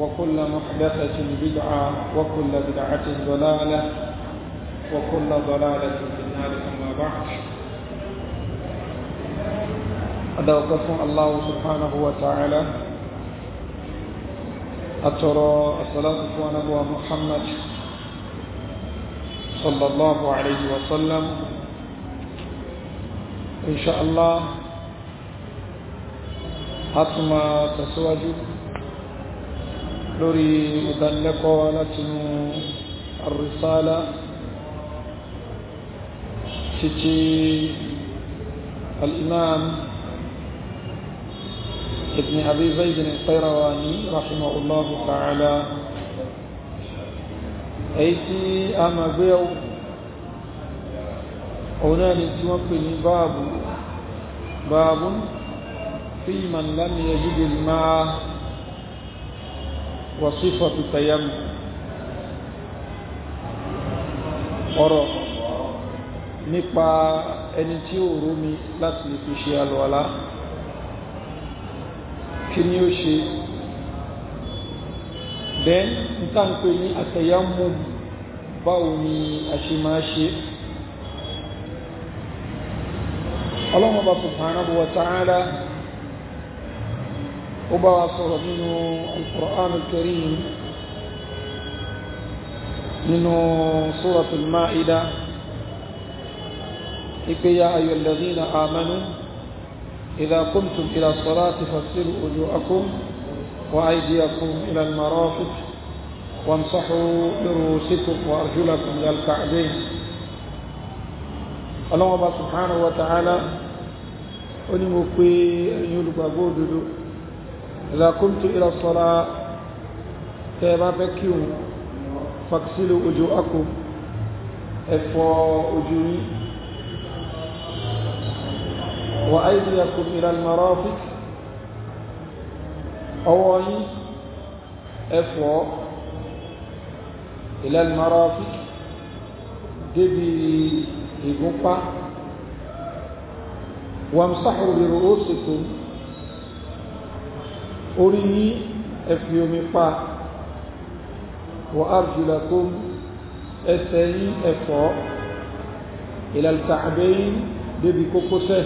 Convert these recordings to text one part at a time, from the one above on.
وكل محدثة بدعة وكل بدعة ضلالة وكل ضلالة في النار أما بعد أدعوكم الله سبحانه وتعالى أترى الصلاة ونبوة محمد صلى الله عليه وسلم إن شاء الله أتما تسواجد لوري مدلق ولكن الرسالة تتي الإمام ابن أبي زيد القيرواني رحمه الله تعالى أيتي أما بيو أولاني توقني باب باب في من لم يجد الماء وصفة التيمم ọ̀rọ̀ nípa ẹni tí ó rómi láti lè fi ṣe alọ́ọ̀lá kí ni ó ṣe bẹ́ẹ̀ ń tàǹpé ní àtẹ̀yàmù báwo ni a ṣe máa ṣe ọlọ́mọba subhanahu wa ta'ala وباصر منه القرآن الكريم منه سورة المائدة يا أيها الذين آمنوا إذا قمتم إلى الصلاة فاغسلوا وجوهكم وأيديكم إلى المرافق وانصحوا برؤوسكم وأرجلكم إلى الكعبين الله سبحانه وتعالى ó ní mo pe إذا قمت إلى الصلاة تيما بكيو فاغسلوا وجوهكم افوا وجوهي وأيديكم إلى المرافق أوعي افوا إلى المرافق دبي إيغوبا وامسحوا برؤوسكم orí yín ẹ fi omi pa wa arjulakum ẹsẹ̀ yín ẹ fọ̀ ila al-ka'bayn débi kókósẹ̀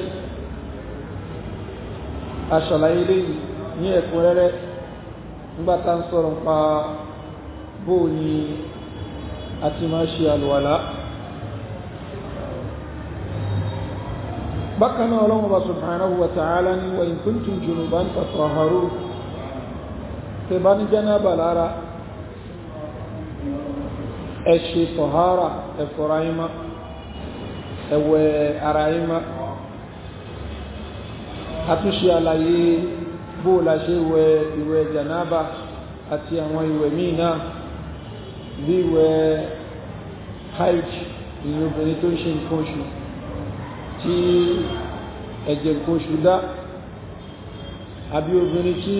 aṣàlàyé lẹ́yìn ní ẹ̀kúnrẹ́rẹ́ nígbàtà ń sọ̀rọ̀ pa bóò ni a máa ṣe àlùwàlá bákanáà ọlọ́run bá subhanahu wa ta'ala ni wa in kuntum junuban fatahharu tẹ̀bá ní jẹ́nàbà lára ẹ ṣe tọ̀hárà ẹ̀fọ́ra ìmá ẹ̀wẹ̀ ara ìmá àtúnṣe àlàyé bó la ṣe wẹ ìwẹ̀ jẹ́nàbà àti àwọn ìwẹ̀ míì náà bí ìwẹ̀ hajj ìyẹn obìnrin tó ń ṣe nǹkan oṣù tí ẹ̀jẹ̀ nǹkan oṣù dá àbí obìnrin tí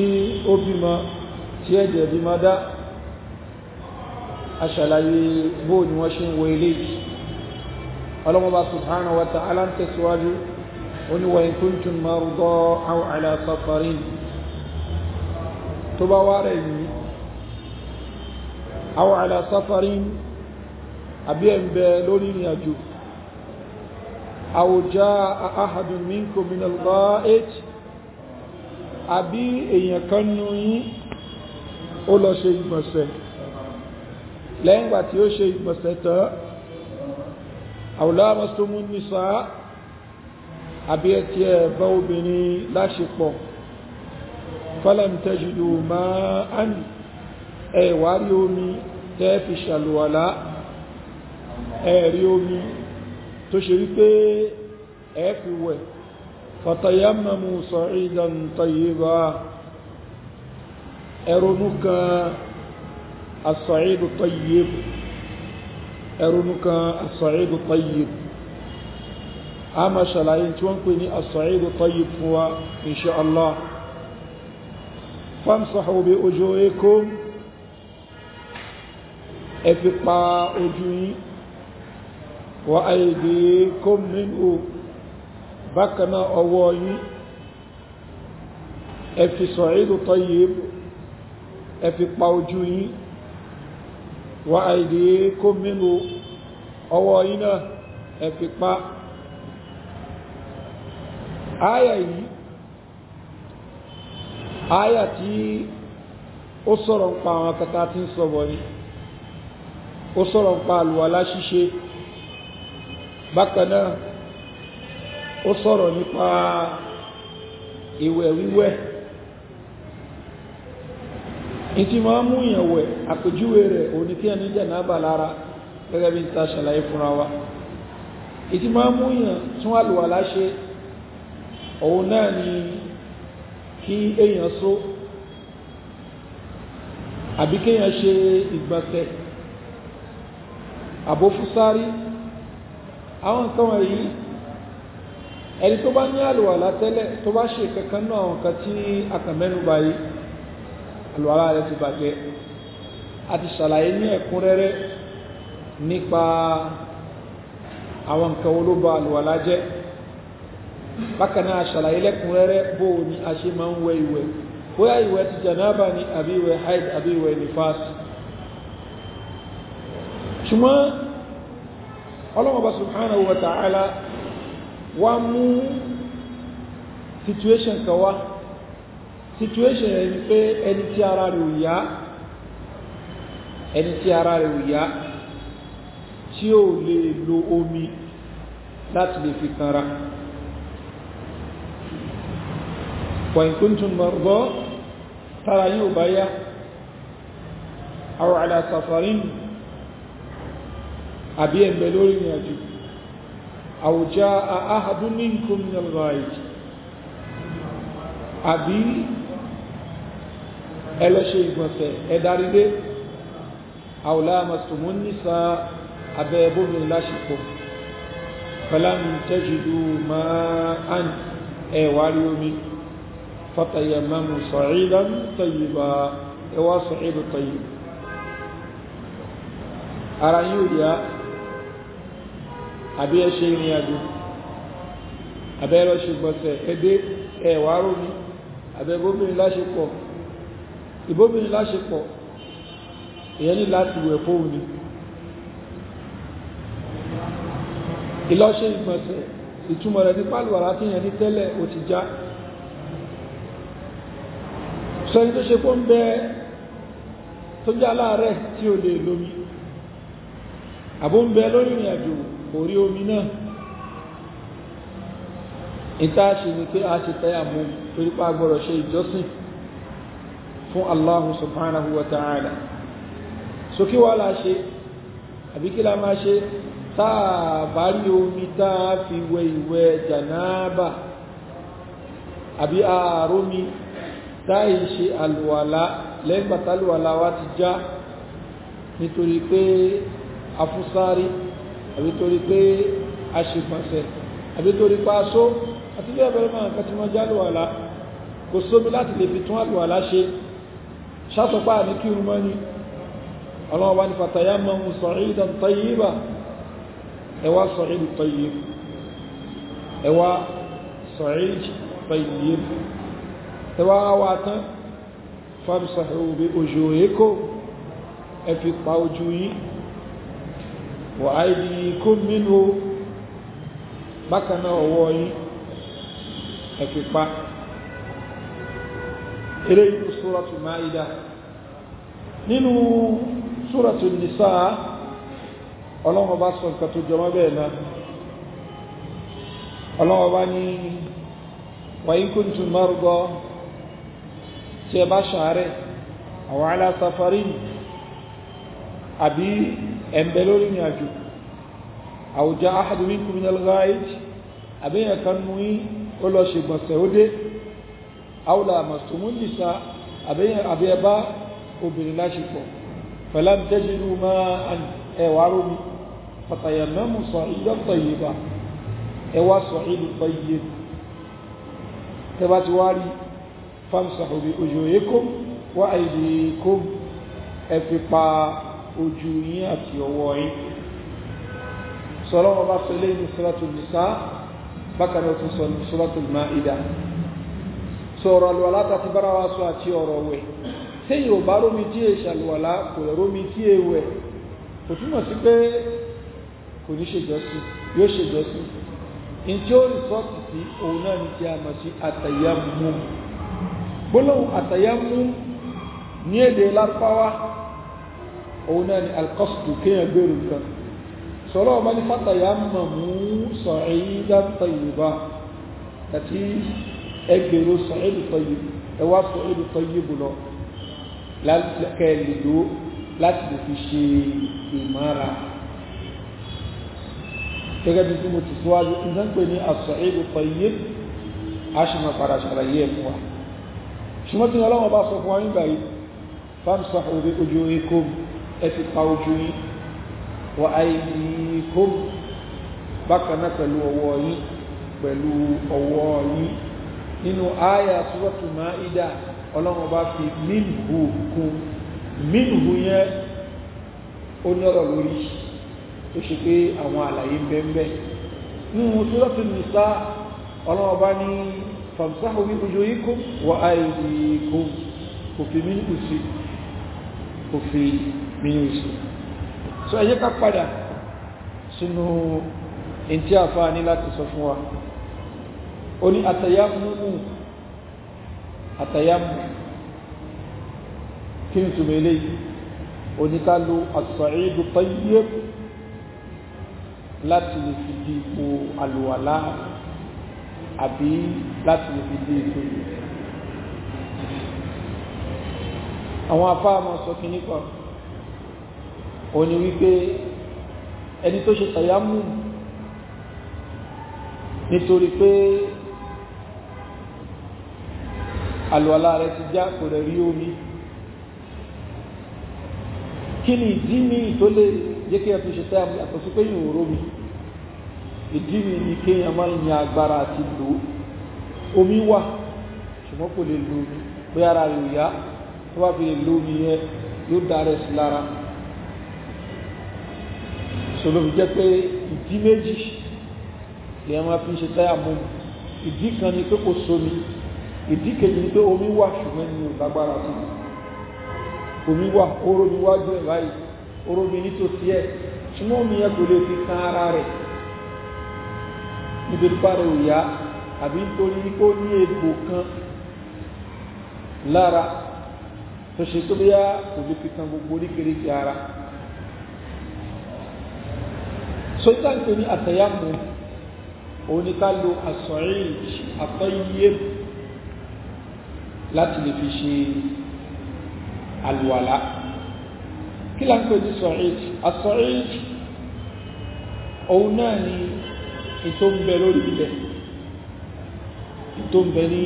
ó bímọ tí ẹ̀jẹ̀ bí máa dá aṣàlàyé bóò ni wọ́n ṣe ń wo ilé yìí ọlọ́mọba subhanahu wa ta'ala ń tẹ̀síwájú ó ní wa in kuntum marda aw ala safarin tó bá wá rẹ̀ yìí aw ala àbí ẹ̀ lórí ìrìn àjò aw jaa ahadun minkum minal àbí èèyàn kan nù yín ó lọ ṣe ìgbọ̀nsẹ̀ lẹ́yìn ìgbà tí ó ṣe ìgbọ̀nsẹ̀ tán àwùlá mọ́sùlùmí nìsá àbí ẹtí ẹ̀ bá obìnrin láṣepọ̀ fọ́lẹ̀mtẹ́jìlú máa ń ẹ̀wárí omi tẹ́ fi ṣàlùwàlá ẹ̀rí omi tó ṣe wípé ẹ̀ fi wẹ̀ fọ̀tàyàmọ̀mù sọ̀rìdàn tàyíbà ارنك الصعيد الطيب ارنك الصعيد الطيب اما شلاين تونكويني الصعيد الطيب هو ان شاء الله فامسحوا باجوئكم افقا اجوي وايديكم منه بكنا اووي افي صعيد طيب ẹ fi pa ojú yín wà àìdí kó mímú ọwọ́ yín náà ẹ fi pa áyà yìí áyà tí ó sọ̀rọ̀ ń pa àwọn akẹta tí ń sọ̀bọ̀ ni ó sọ̀rọ̀ ń pa àlùwàlá ṣíṣe bákan ó sọ̀rọ̀ nípa ìwẹ̀ ìtì máa mú yàn wẹ̀ àpèjúwe rẹ̀ òní kí ẹni jẹ̀ náà bà lára gẹ́gẹ́ bí n ta ṣàlàyé fúnra wa ìtì máa mú yàn tún àlùwàlá ṣe òun náà ni kí èèyàn só àbí kéèyàn ṣe ìgbọ̀nsẹ̀ àbófúsárí àwọn nǹkan wọ̀nyí ẹni tó bá ní àlùwàlá tẹ́lẹ̀ tó bá ṣe kankan náà àwọn nǹkan báyìí àlùwàlá rẹ̀ ti bàjẹ́ a ti ṣàlàyé ní ẹ̀kúnrẹ́rẹ́ nípa àwọn nǹkan olóba àlùwàlá jẹ́ bákan náà ṣàlàyé lẹ́kúnrẹ́rẹ́ bó o ní a ṣe máa ń wẹ ìwẹ̀ bóyá ìwẹ̀ ti jànáàbà ni àbí ìwẹ̀ haid àbí ìwẹ̀ nifas situation kan situation ẹni pé ẹni tí ara rẹ̀ ò yá ẹni tí ara rẹ̀ ò yá tí ó lè lo omi láti lè fi kanra wàíkúntùn mọ̀rọ̀ tara yíò bá yá àwọn alásàfàrin àbí ẹ̀mẹ̀ lórí ìrìnàjò àwùjá àhàdún ní nǹkan ní àìjì àbí ẹlẹ́ṣẹ́ ìgbọ̀nsẹ̀ ẹ̀dárílé àwòlá màsùmù nìsa abẹ́ bómi láṣepọ̀ pẹ̀lámi tẹ́jìdú máa ń ẹ̀wárí omi fatayamamu sa'idan tayyiba ẹwà sa'idu tayyib ara yóò yá àbí ẹṣẹ́ ìrìn àjò abẹ́ ẹlẹ́ṣẹ́ ìgbọ̀nsẹ̀ ẹdé ẹ̀wárí omi abẹ́ bómi ìbóbìnrin láṣepọ̀ èyẹ ní láti wẹ̀ fóun ni ìlọ́ṣe ìgbọ̀nsẹ̀ ìtumọ̀ rẹ̀ ní pàlùwàrá tí yẹn ní tẹ́lẹ̀ ò ti já sẹ́ni tó ṣe kó ń bẹ tó já láàárẹ̀ tí ò lè lómi àbó ń bẹ lórí ìrìn àjò kò rí omi náà ìta ṣe ni pé a ṣe tẹ́ àmú torípa gbọ́dọ̀ ṣe ìjọsìn fún Allah subhanahu wa ta'ala so kí wá la ṣe àbí kí la máa ṣe táà bá rí omi táà fi wẹ ìwẹ̀ jànáàbà àbí ààrómi táì ṣe àlùwàlá lẹ́gbàtàlùwàlá wá ti já nítorí pé afúsárí àbí torí pé aṣèpàṣẹ àbí torí pa àti bí ẹ̀bẹ̀rẹ̀ máa kàtí wọ́n já àlùwàlá kò sómi láti lè fi tún àlùwàlá ṣe ṣàtọ̀pá ní kí rúmọ́ ní ọlọ́wọ́ bá ní fàtàyà mọ́ mú sa'idan tayyiba ẹwà sa'id tayyib ẹwà sa'id tayyib ẹwà wà tán famsahu bi wujuhikum ẹ fi ojú eléyìí nínú Maida nínú sóràtù Nisa ọlọ́wọ́ bá sọ nǹkan tó jọmọ́ bẹ́ẹ̀ náà ọlọ́wọ́ bá ní wa in kuntum marda tí ẹ bá ṣàárẹ̀ àwọn ala àbí ẹ̀m̀bẹ̀ lórí ní àjò àwùjá ahadu minkum minal kan mú ó lọ àwòlà àmàsùmúndìsá àbẹ́yẹbá obìnrin láṣepọ̀ pẹ̀lá tẹ́jìrú máa ẹwà rómi fàtàyàmẹ́mù sọ ìdọ́tọ̀ yìí bá ẹwà sọ ìlú tọ́yìí tẹbá ti wá rí fámsàhù bí ojú ekom wá àìdè ekom ẹ fi pa ojú yín àti ọwọ́ yín sọlọ́wọ́ bá sọ ilé ní nìsá bákan tún sọ máa ìdá sọ̀rọ̀ àlùwàlá tàti bára wa sọ àti ọ̀rọ̀ wẹ̀ tí yóò bá rómi tí èṣà àlùwàlá kò lè rómi tí èwẹ̀ kò túnmọ̀ sí pé kò ní ṣèjọ́sí yóò ṣèjọ́sí in tí ó rìsọ́ọ̀tì sí òun náà ni tí a mọ̀ sí àtàyàmú gbólóhùn àtàyàmú ní èdè lárúbáwá òun náà ni alkọ́sùtù kéèyàn gbèrú nǹkan sọ̀rọ̀ ọmọ ní fàtàyàmú sọ̀rọ̀ èyí dá tàyè àti ẹgbẹ̀rún Sa'idu Tayyib ẹwà Sa'idu Tayyib bù lọ kẹlìló láti lè fi ṣe ìmára gẹ́gẹ́ bí mo ti síwájú ìdán pé ní as-Sa'idu Tayyib aṣùmọ̀ padà ṣàlàyé ẹ̀ fún wa ṣùgbọ́n tí ọlọ́wọ́ bá sọ fún wa pẹ̀lú ọwọ́ yín nínú àyà Suratul Maida ọlọ́run bá fi minhu kún minhu yẹn ó ní ọ̀rọ̀ lórí tó ṣe pé àwọn àlàyé bẹ́ẹ̀ nínú Suratul Nisa ọlọ́run bá ní famsahu bi wujuhikum wa aydikum kò fi minhu sí kò fi minhu sí so ẹ ká padà sínú ẹni tí ní láti sọ fún wa ó ní àtàyàmùmù àtàyàmù kí n kalu eléyìí ó ní ká tayyib láti fi di ipò àlùwàlá àbí láti lè fi di ipò àwọn afáàmọ̀ sọ kí nípa ó ní wípé ẹni tó ṣe tàyàmù nítorí pé àlùwàlá rẹ̀ ti já kò rẹ̀ rí omi kí ni ìdí mi tó lè jẹ́ kí ẹ̀tún ṣe tẹ́yàmù yàtọ̀ pé yìí rómi ìdí mi ni kí èèyàn máa ń yan agbára àti lò omi wà ṣùgbọ́n kò lè lo omi pé ara rẹ̀ yá tó bá fi lè lo omi yẹn yóò dá rẹ̀ sí lára sọlọ fi jẹ́ pé ìdí méjì lè máa fi ṣe tẹ́yàmù ìdí kan ni pé kò sómi ìdí kejì ni pé omi wà ṣùgbọ́n ní ìlágbára sí omi wà oró mi wájú ẹ̀ báyìí oró mi nítòsí ẹ̀ ṣùgbọ́n omi yẹn kò lè fi kan ara rẹ̀ nítorí pàrọ̀ òyà àbí nítorí kó ní egbò kan lára tó ṣe tó bíyá kò lè fi kan gbogbo oríkèéríkèé ara sọ́jà ń pè ní àtẹ̀yàmù oníkàlù àsọ̀rí àtọ́yẹ́bù láti lè fi ṣe alùwàlá kí lá ń pè ní sọ̀rìd asọ̀rìd òun náà ni ètò ń bẹ lórí ilẹ̀ ètò ń bẹ ní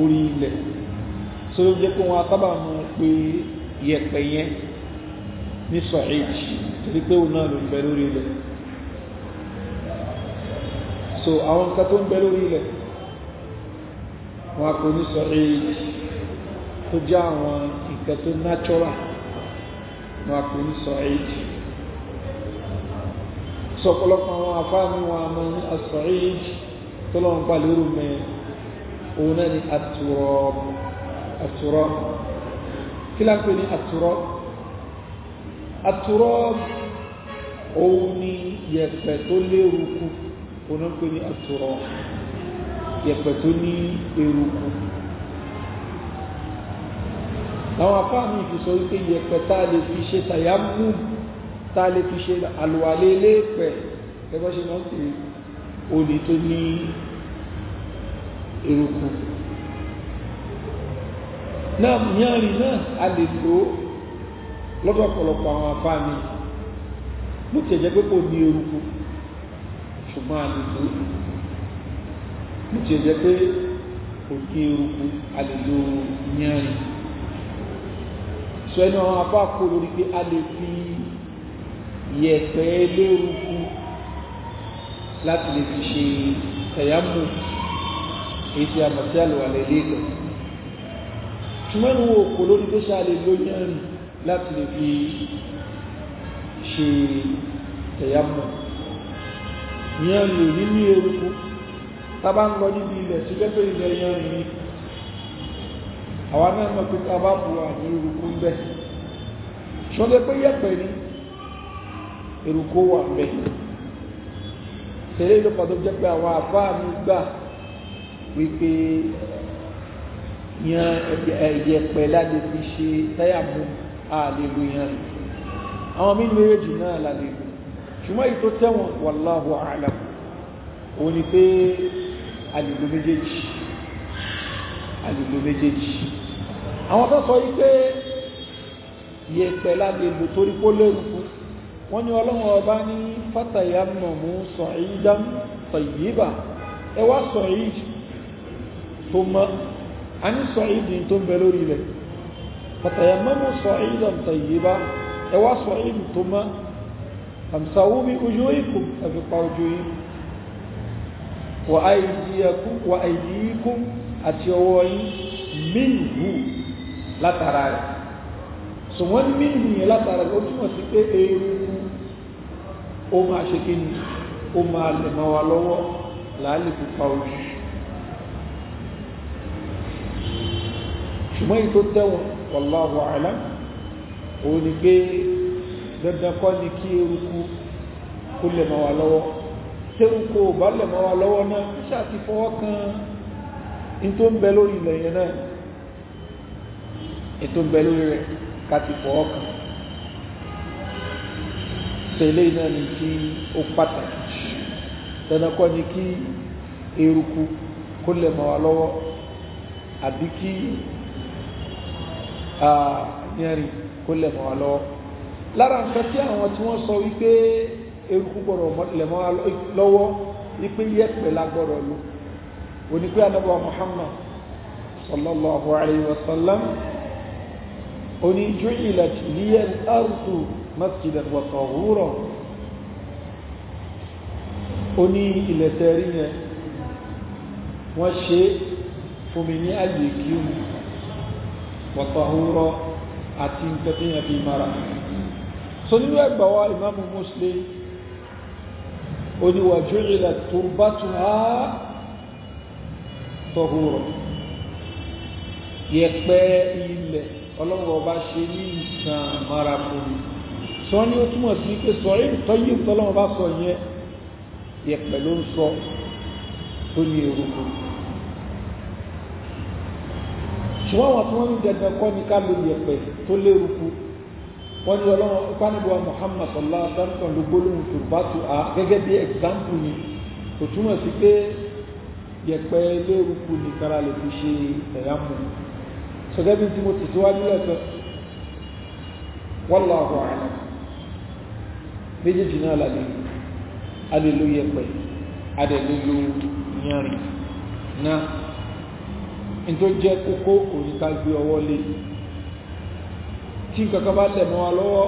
orí ilẹ̀ tó ló jẹ́ pé wọn akábà mọ̀ pé yẹ̀pẹ̀ yẹn ní sọ̀rìd torí pé òun náà ló ń bẹ lórí ilẹ̀ so àwọn nǹkan tó ń bẹ lórí ilẹ̀ wọn kò ní sọ èyí tó jẹ́ àwọn nǹkan tó natural wọn kò ní sọ èyí sọpọlọpọ àwọn afáàmì wọn àmọ́ ní asọ èyí tó lọ́wọ́n pa lérò mẹ́ òun náà ni àtúrọ̀ àtúrọ̀ kí lápẹ́ ní àtúrọ̀ àtúrọ̀ òun ni yẹ̀pẹ̀ tó léwu kú òun náà pè ní àtúrọ̀ yẹ̀pẹ̀ tó ní eruku àwọn afáàmì fi sọ wípé yẹ̀pẹ̀ tá a lè fi ṣe tàyámù tá a lè fi ṣe àlùwàlé léèpẹ̀ ẹgbẹ́ ṣe máa ń pè olè tó ní eruku náà yánrin náà a lè lò lọ́dọ̀ ọ̀pọ̀lọpọ̀ àwọn afáàmì bó ti ẹ̀jẹ̀ pé kò ní eruku ṣùgbọ́n a lè lò bí tí ó jẹ́ pé òkè eruku a lè lo yanrìn sọ ẹni àwọn apá kó lórí pé a lè fi yẹ̀pẹ̀ lóruku láti lè fi ṣe tẹ̀yàmù èyí tí a mọ̀ sí àlùwàlẹ̀ lẹ́kọ̀ọ́ lórí pé ṣe a lè lo yanrìn láti lè fi ṣe tẹ̀yàmù yanrìn ò ní ní eruku tábà ń lọ níbi ilẹ̀ sí lẹ́pẹ́ ilẹ̀ yan ni àwa náà mọ̀ pé tábà bu àmì eruku ń bẹ ṣọlẹ́ pé yẹ̀pẹ̀ ni eruku wà ń bẹ tẹ̀lé ìlú pàtó jẹ́ pé àwọn àfáà mi gbà wípé yan ẹ̀yẹ̀pẹ̀ láti fi ṣe táyà mú àlèlú yan àwọn mí méjì náà lálèlú ṣùgbọ́n èyí tó tẹ̀wọ̀n wallahu a'lam òun ni pé alìlò méjèèjì alìlò méjèèjì àwọn tó sọ yí pé yẹ̀pẹ̀ lálèlò torí kó lérùkú wọ́n ní ọlọ́run ọba ní fátàyà mọ̀mú sa'idan tayyiba ẹ wá sa'id tó mọ́ a ní sa'id tó ń bẹ lórí ilẹ̀ fátàyà mọ̀mú sa'idan tayyiba ẹ wá sa'id tó mọ́ àmsàwó bí ojú ikú ẹ̀fẹ́ ojú yìí wa aidiyakum wa aidikum àti ọwọ́ yín minhu látara rẹ̀ so wọ́n ní minhu yẹn látara rẹ̀ ó túmọ̀ sí pé eruku ó máa ṣe kí ni ó máa lè mọ́ wa lọ́wọ́ láàlè pupa oṣù ṣùgbọ́n èyí tó tẹ̀wọ̀n wallahu a'lam òun ni pé dandan kọ́ ni kí eruku kó lè mọ́ wa lọ́wọ́ tẹ́rù kò bá lẹ̀ mọ́ wa lọ́wọ́ náà ń ṣàti fọwọ́ kan in tó ń bẹ lórí ilẹ̀ yẹn náà in tó ń bẹ lórí rẹ̀ ká ti fọwọ́ kan tẹ̀lé náà ni tí ó pàtàkì jù ni kí eruku kó lẹ̀ mọ́ wa lọ́wọ́ àbí kí yẹn kó lẹ̀ mọ́ wa lọ́wọ́ lára nǹkan tí àwọn tí wọ́n sọ wípé eruku gbọ́dọ̀ lẹ̀mọ́ lọ́wọ́ ipe yẹ̀pẹ̀ la gbọ́dọ̀ lò onípe anábọ̀ Muhammad sallallahu alayhi wa sallam oní ju'ilat liya al-ardu masjidan wa tahura oní ilẹ̀ tẹ̀rí yẹn wọ́n ṣe fún mi ní àyè kí o wa tahura àti nǹkan yẹn fi mara so nínú ẹgbàá wa ìmáàmù Muslim oníwàjú ilẹ̀ tó bá tún á tọ̀húrọ̀ yẹ̀pẹ̀ ilẹ̀ ọlọ́run ọba ṣe ní nǹkan àmàrà fún mi sọ ní ó túmọ̀ sí pé sọ rí tọ́yí tọ́lọ́run bá sọ yẹn yẹ̀pẹ̀ ló ń sọ tó ní orúkọ ṣùgbọ́n àwọn tí wọ́n ní dandan wọ́n ní ọlọ́run ìpánibọ̀ Muhammad sọlá sáńtàn ló gbólóhùn tó bá tu a gẹ́gẹ́ bí ẹ̀gbáǹpù ni kò túmọ̀ sí pé yẹ̀pẹ̀ eléruku nìkan la lè fi ṣe ẹ̀yà mú un sọgẹ́ bí tí mo ti tó wájú lẹ́sẹ̀ wallahu a'lam méjèèjì náà lálẹ́ alèlò yẹ̀pẹ̀ adèlélò yẹrin náà nítorí jẹ́ kókó òníkà gbé ọwọ́ lé tí nǹkan kan bá tẹ̀ mọ́ wa lọ́wọ́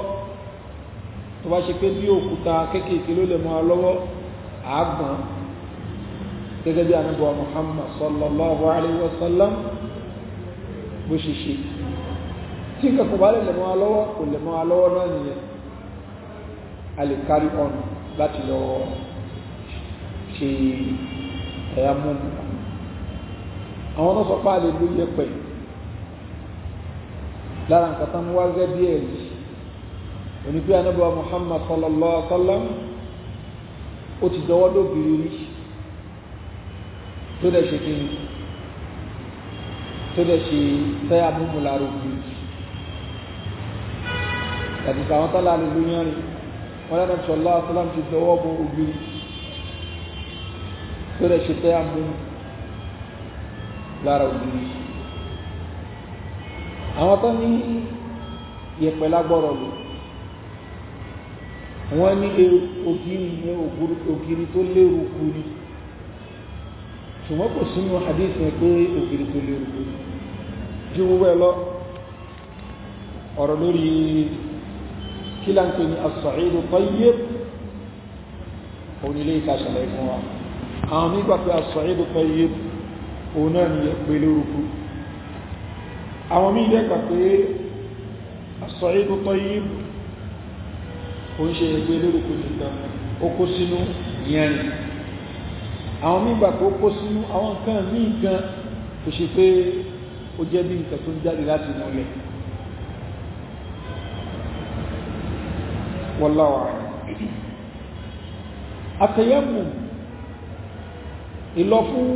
tó bá ṣe pé bí òkúta kéékèèké ló lè mọ́ wa lọ́wọ́ àágbọ̀n gẹ́gẹ́ bí anábọ̀ Muhammad sallallahu alayhi wa sallam bó ṣe ṣe tí nǹkan kan bá lè lè mọ́ wa lọ́wọ́ kò lè mọ́ wa lọ́wọ́ náà nìyẹn a lè carry on láti lọ ṣe ẹ̀yà mú àwọn náà sọ pé a lè lo iyẹ̀pẹ̀ lára nǹkan tán wá gẹ́gẹ́ bí ẹ̀rí onígbé anábọ̀ Muhammad sallallahu alaihi wa sallam ó ti dọwọ́ lóbìnrin rí tó dẹ̀ ṣe kí tó dẹ̀ ṣe fẹ́ amúmúlára obìnrin yàtọ̀ sí àwọn tálà lóyún rí wọn lẹ́nu sallallahu alaihi sallam ti dọwọ́ bọ obìnrin tó dẹ̀ ṣe fẹ́ amúmúlára obìnrin àwọn tó ní yẹ̀pẹ̀ lágbọ́rọ̀ lò wọ́n ní e, ògiri yẹn ògiri tó lérò kú ni ṣùgbọ́n kò sínú hadith yẹn pé ògiri tó lérò kú ni ju lọ ọ̀rọ̀ lórí kí ní as-sa'idu tayyib ìtàṣẹ̀lẹ̀ fún wa àwọn mígbà pé as-sa'idu ni yẹ̀pẹ̀ lérò kú àwọn míì dẹ́kà pé as-sa'idu tayyib ó ń ṣe ẹgbẹ́ lórúkú nìkan ó kó sínú ìyẹn ni àwọn míì gbà pé ó kó sínú àwọn nǹkan míì gan kò ṣe pé ó jẹ́ bí nǹkan tó ń jáde láti inú ilẹ̀ wallahu a'lam àtẹ̀yẹ́mù ìlọ fún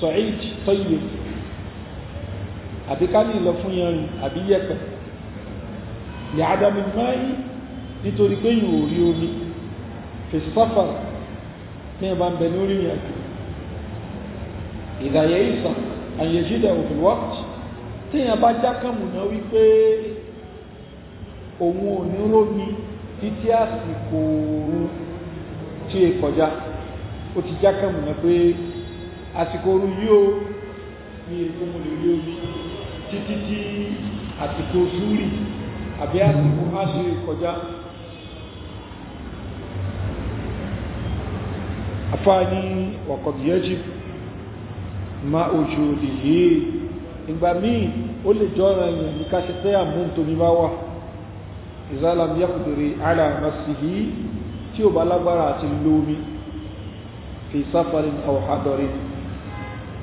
sa'id tayyib àbí ká ní ìlọ fún yanrìn àbí yẹ̀pẹ̀ lè adami máa yí nítorí pé yìí ò rí omi fèsì sáfàrà ní ẹ̀bá ń bẹ ní orí ìrìn àjò ìdàyẹ̀ ìsà àyẹ̀jídà òfin wákàtí tí èèyàn bá jákàmù náà wípé òun ò ní rómi títí àsìkò oorun tí è kọjá ó ti jákàmù náà pé àsìkò oorun yóò ní èkó mo lè rí omi títí tí àsìkò zúrì àbí àsìkò áṣírí kọjá afáàní ọ̀kọ̀bíyẹ́jì ma òjò lè yé ìgbà míì ó lè jọ́ra èèyàn ní káṣẹ tẹ́ àmú tó ní bá wà ìzálàmí yàkùdìrí alàmásìhí tí ó bá lágbára àti lómi fi sáfàrin àwòhádọ́rin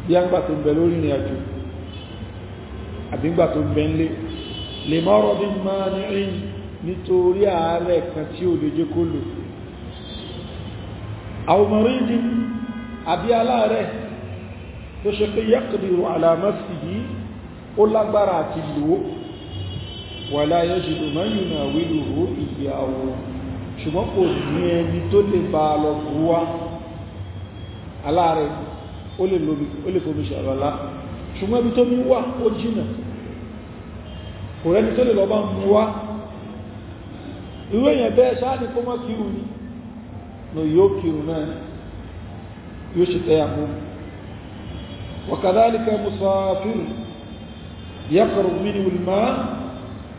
bí a ń gbà tó bẹ lórí ìrìn àbígbà tó bẹ́ńlé lè mọ́rọ̀ bí máa ní rìn nítorí àárẹ̀ kan tí ò lè jẹ́ kó lò àwòmọ̀rídì àbí aláàrẹ̀ tó ṣe pé yẹ́kìdìrò àlàmọ́sì yìí ó lágbára àti lò wà láyé jùlọ mẹ́yìn àwílòrò ìyàwó ṣùgbọ́n kò ní ẹni tó lè bá lọ búwá aláàrẹ̀ ó lè fomi ṣàrọ̀lá ṣùgbọ́n ibi tó mi wà ó jìnà kò rẹ́ni tó lè lọ bá mú wá ìwé èèyàn bẹ́ẹ̀ sáà ní kó mọ́ kírù ni no yóò kírù náà yóò ṣe tẹ́ àmú wakadhalika musafir yaqru minhu al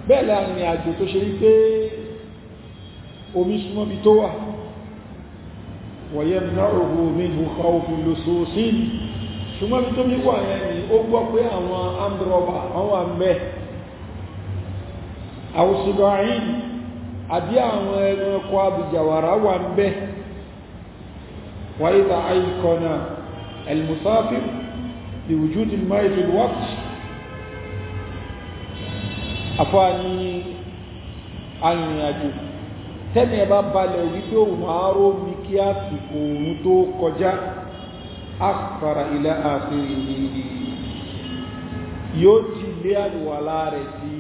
bẹ́ẹ̀ láàrin àjò tó ṣe wípé omi súnmọ́ bí tó wà wa yamna'uhu minhu khawfu lususin ṣùgbọ́n ibi tó bí wà yẹn ni ó gbọ́ pé àwọn ambrọba àwọn àmẹ́ àwòsùgbọ̀n àbí àwọn ẹranko abìjàwàrá wà ń bẹ́ wáyé ta àìkọ̀nà elmusafir ìwùjúdì maifil waqt afáàní arìnrìnàjò tẹ́mi ẹ bá balẹ̀ wípé òun àárò mi kí àsìkò òun tó kọjá akfara ila akhirihi yóò ti lé àlùwàlá rẹ̀ sí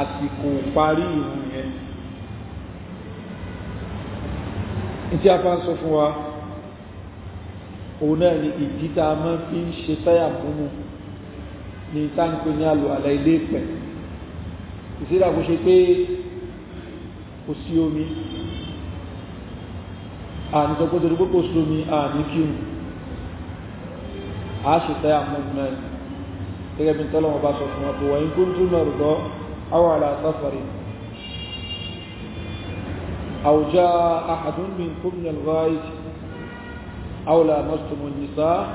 àsìkò parí ìrun yẹn tí a bá sọ fún wa òun náà ni ìdí tá a máa fi ń ṣe táyà múmu ní táǹkì ní àlùwàlá ilé ìpẹ̀ ìsílẹ̀ àkóṣe pé kò sí omi àníjọpọ̀ torí pé kò sí omi àníkírun عاشو تاع مجمل تيجا من تلوم باشا سمات وإن كنت نرضى أو على سفر أو جاء أحد منكم من الغائط أو لامستم النساء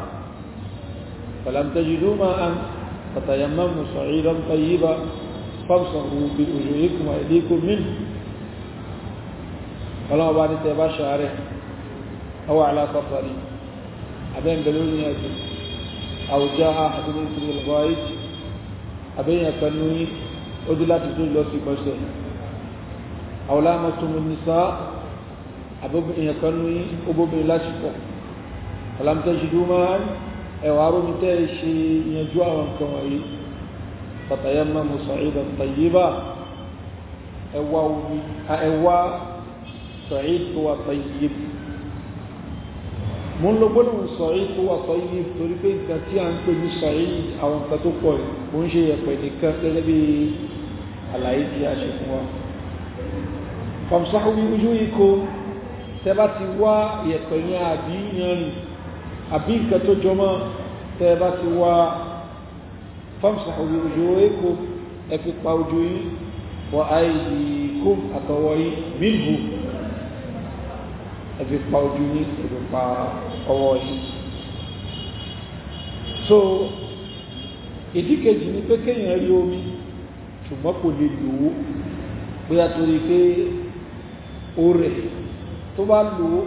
فلم تجدوا ما أنت فتيمموا صعيدا طيبا فامصروا بأجوئكم وإليكم منه فلما بعد تيباشا أو على سفر أبين دلوني أجل àwùjáhà àti ní ìsinmi lọ́wọ́ àìsí àbẹ́yìn ẹ̀kan ní ojú láti tó lọ sí ìgbọ̀nsẹ̀ àwòlámọ̀ tó mú nìsá àbẹ́yìn ẹ̀kan ní obóbìnrin lásìkò àlámtẹ́jìdú máa ń ẹ̀wà arómi tẹ́ ṣe yanjú àwọn nǹkan wọ̀nyí pàtàyàmà mùsàídà tàyíbà ẹwà sàíd tó wà tàyíbà mo ń lo gbólóhùn sọ̀rí tó wà sọ yìí torí pé nǹkan tí a ń pè ní sọ̀rí àwọn nǹkan tó pọ̀ yìí mo ń ṣe ẹ̀pẹ̀ nìkan gẹ́gẹ́ bí àlàyé tí a ṣe fún wa fàmsáhùn ojú ikó tẹ bá ti wá ìyẹ̀pẹ̀ yẹn àbí yanrìn àbí nǹkan tó jọmọ́ tẹ bá ti wá fàmsáhùn ojú ikó ẹ fi pa ojú yìí wọ àìdí kó àtọwọ́ yìí mílùú ẹ fi pa ojú yìí ẹ ọwọ́ yìí so ìdíkejì ni pé kéèyàn rí omi ṣùgbọ́n kò lè lò ó bóyá torí pé ó rẹ̀ tó bá lò ó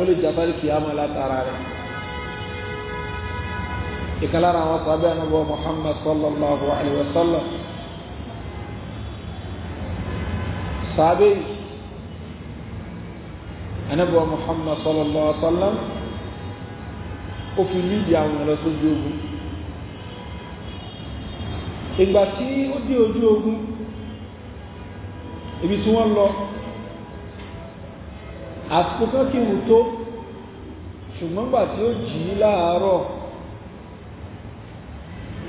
ó lè jàbárí kìí àmọ́ látara rẹ̀ ìkàlára àwọn sàbẹ́ ànábọ̀ Muhammad sallallahu alaihi wasallam sàbẹ́ anabiwa muhammad sallallahu alaihi wa sallam ó fi lídìí àwọn èèyàn lọ sójú ogun ìgbà tí ó dé ojú ogun ibi tí wọ́n lọ àsìkò kan kí wù tó ṣùgbọ́n gbà tí ó jì í láàárọ̀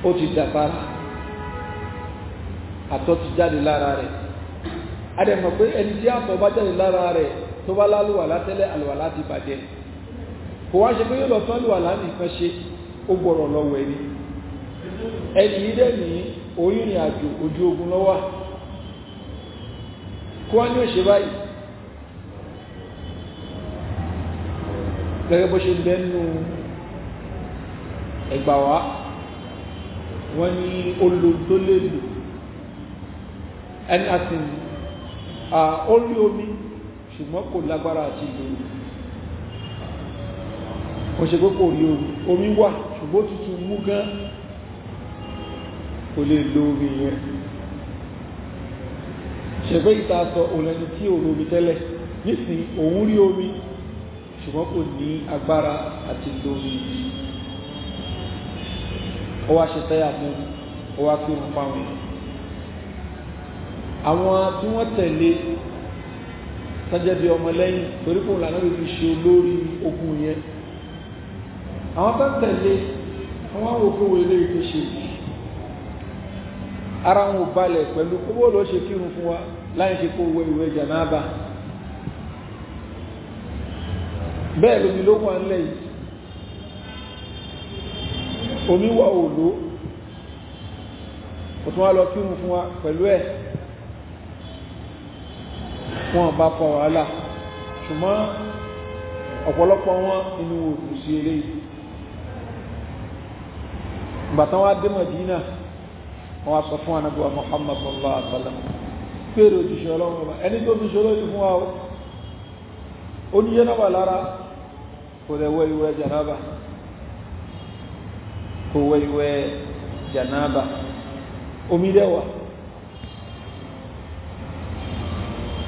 ó ti dàbára àtọ̀ ti jáde lára rẹ̀ a pé ẹni tí àtọ̀ bá jáde lára rẹ̀ tó bá lálùwàlá tẹ́lẹ̀ àlùwàlá ti bàjẹ́ kò wá ṣe pé yóò lọ tán àlùwàlá nìkan ṣe ó gbọ́rọ̀ lọ wẹ̀ ni ẹni yìí dẹ̀ ní orí ìrìn àjò ojú ogun lọ́wọ́ kó wá ní òṣè báyìí gẹ́gẹ́ bó ṣe bẹ́nu ẹgbà wá wọ́n ní olóńtó ẹni àti ó ṣùgbọ́n kò lágbára àti ìlú wọ́n ṣe pé kò rí omi wà ṣùgbọ́n ó tutù mú gan kò lè lo omi yẹn ṣẹ̀gbẹ́ ìta sọ òlẹ́ni tí ò romi tẹ́lẹ̀ nísìn òun rí omi ṣùgbọ́n kò ní agbára àti lo omi yìí ó wá ṣe tẹ́yà fún ó wá kí òun fáwọn àwọn tí wọ́n tẹ̀lé tọ́jẹ́ bí ọmọ lẹ́yìn torí kò lànà lè fi ṣe olórí ogun yẹn àwọn tó ń tẹ̀lé àwọn òkúwò ilé ìpé ṣe ara wọn ò balẹ̀ pẹ̀lú kówó ló ṣe kírun fún wa láì ṣe kó wẹ ìwẹ̀ jànáàbà bẹ́ẹ̀ lómi ló wà ń lẹ́yìn omi wà òòló òtún wá lọ kírun fún wa pẹ̀lú ẹ̀ wọn bá fa wàhálà ṣùgbọ́n ọ̀pọ̀lọpọ̀ wọn inú òkú sí eléyìí gbàtán wá dé Madina wọn sọ fún anagbọ́ Muhammad sallallahu alaihi wa sallam pèrè òjíṣẹ́ ọlọ́run ọba ẹni tó fi ṣòro ìfún wa ó oníyẹ́ náà wà lára kò lè wẹ̀ jànáàbà kò wẹ̀ ìwẹ̀ jànáàbà omi dẹ́wàá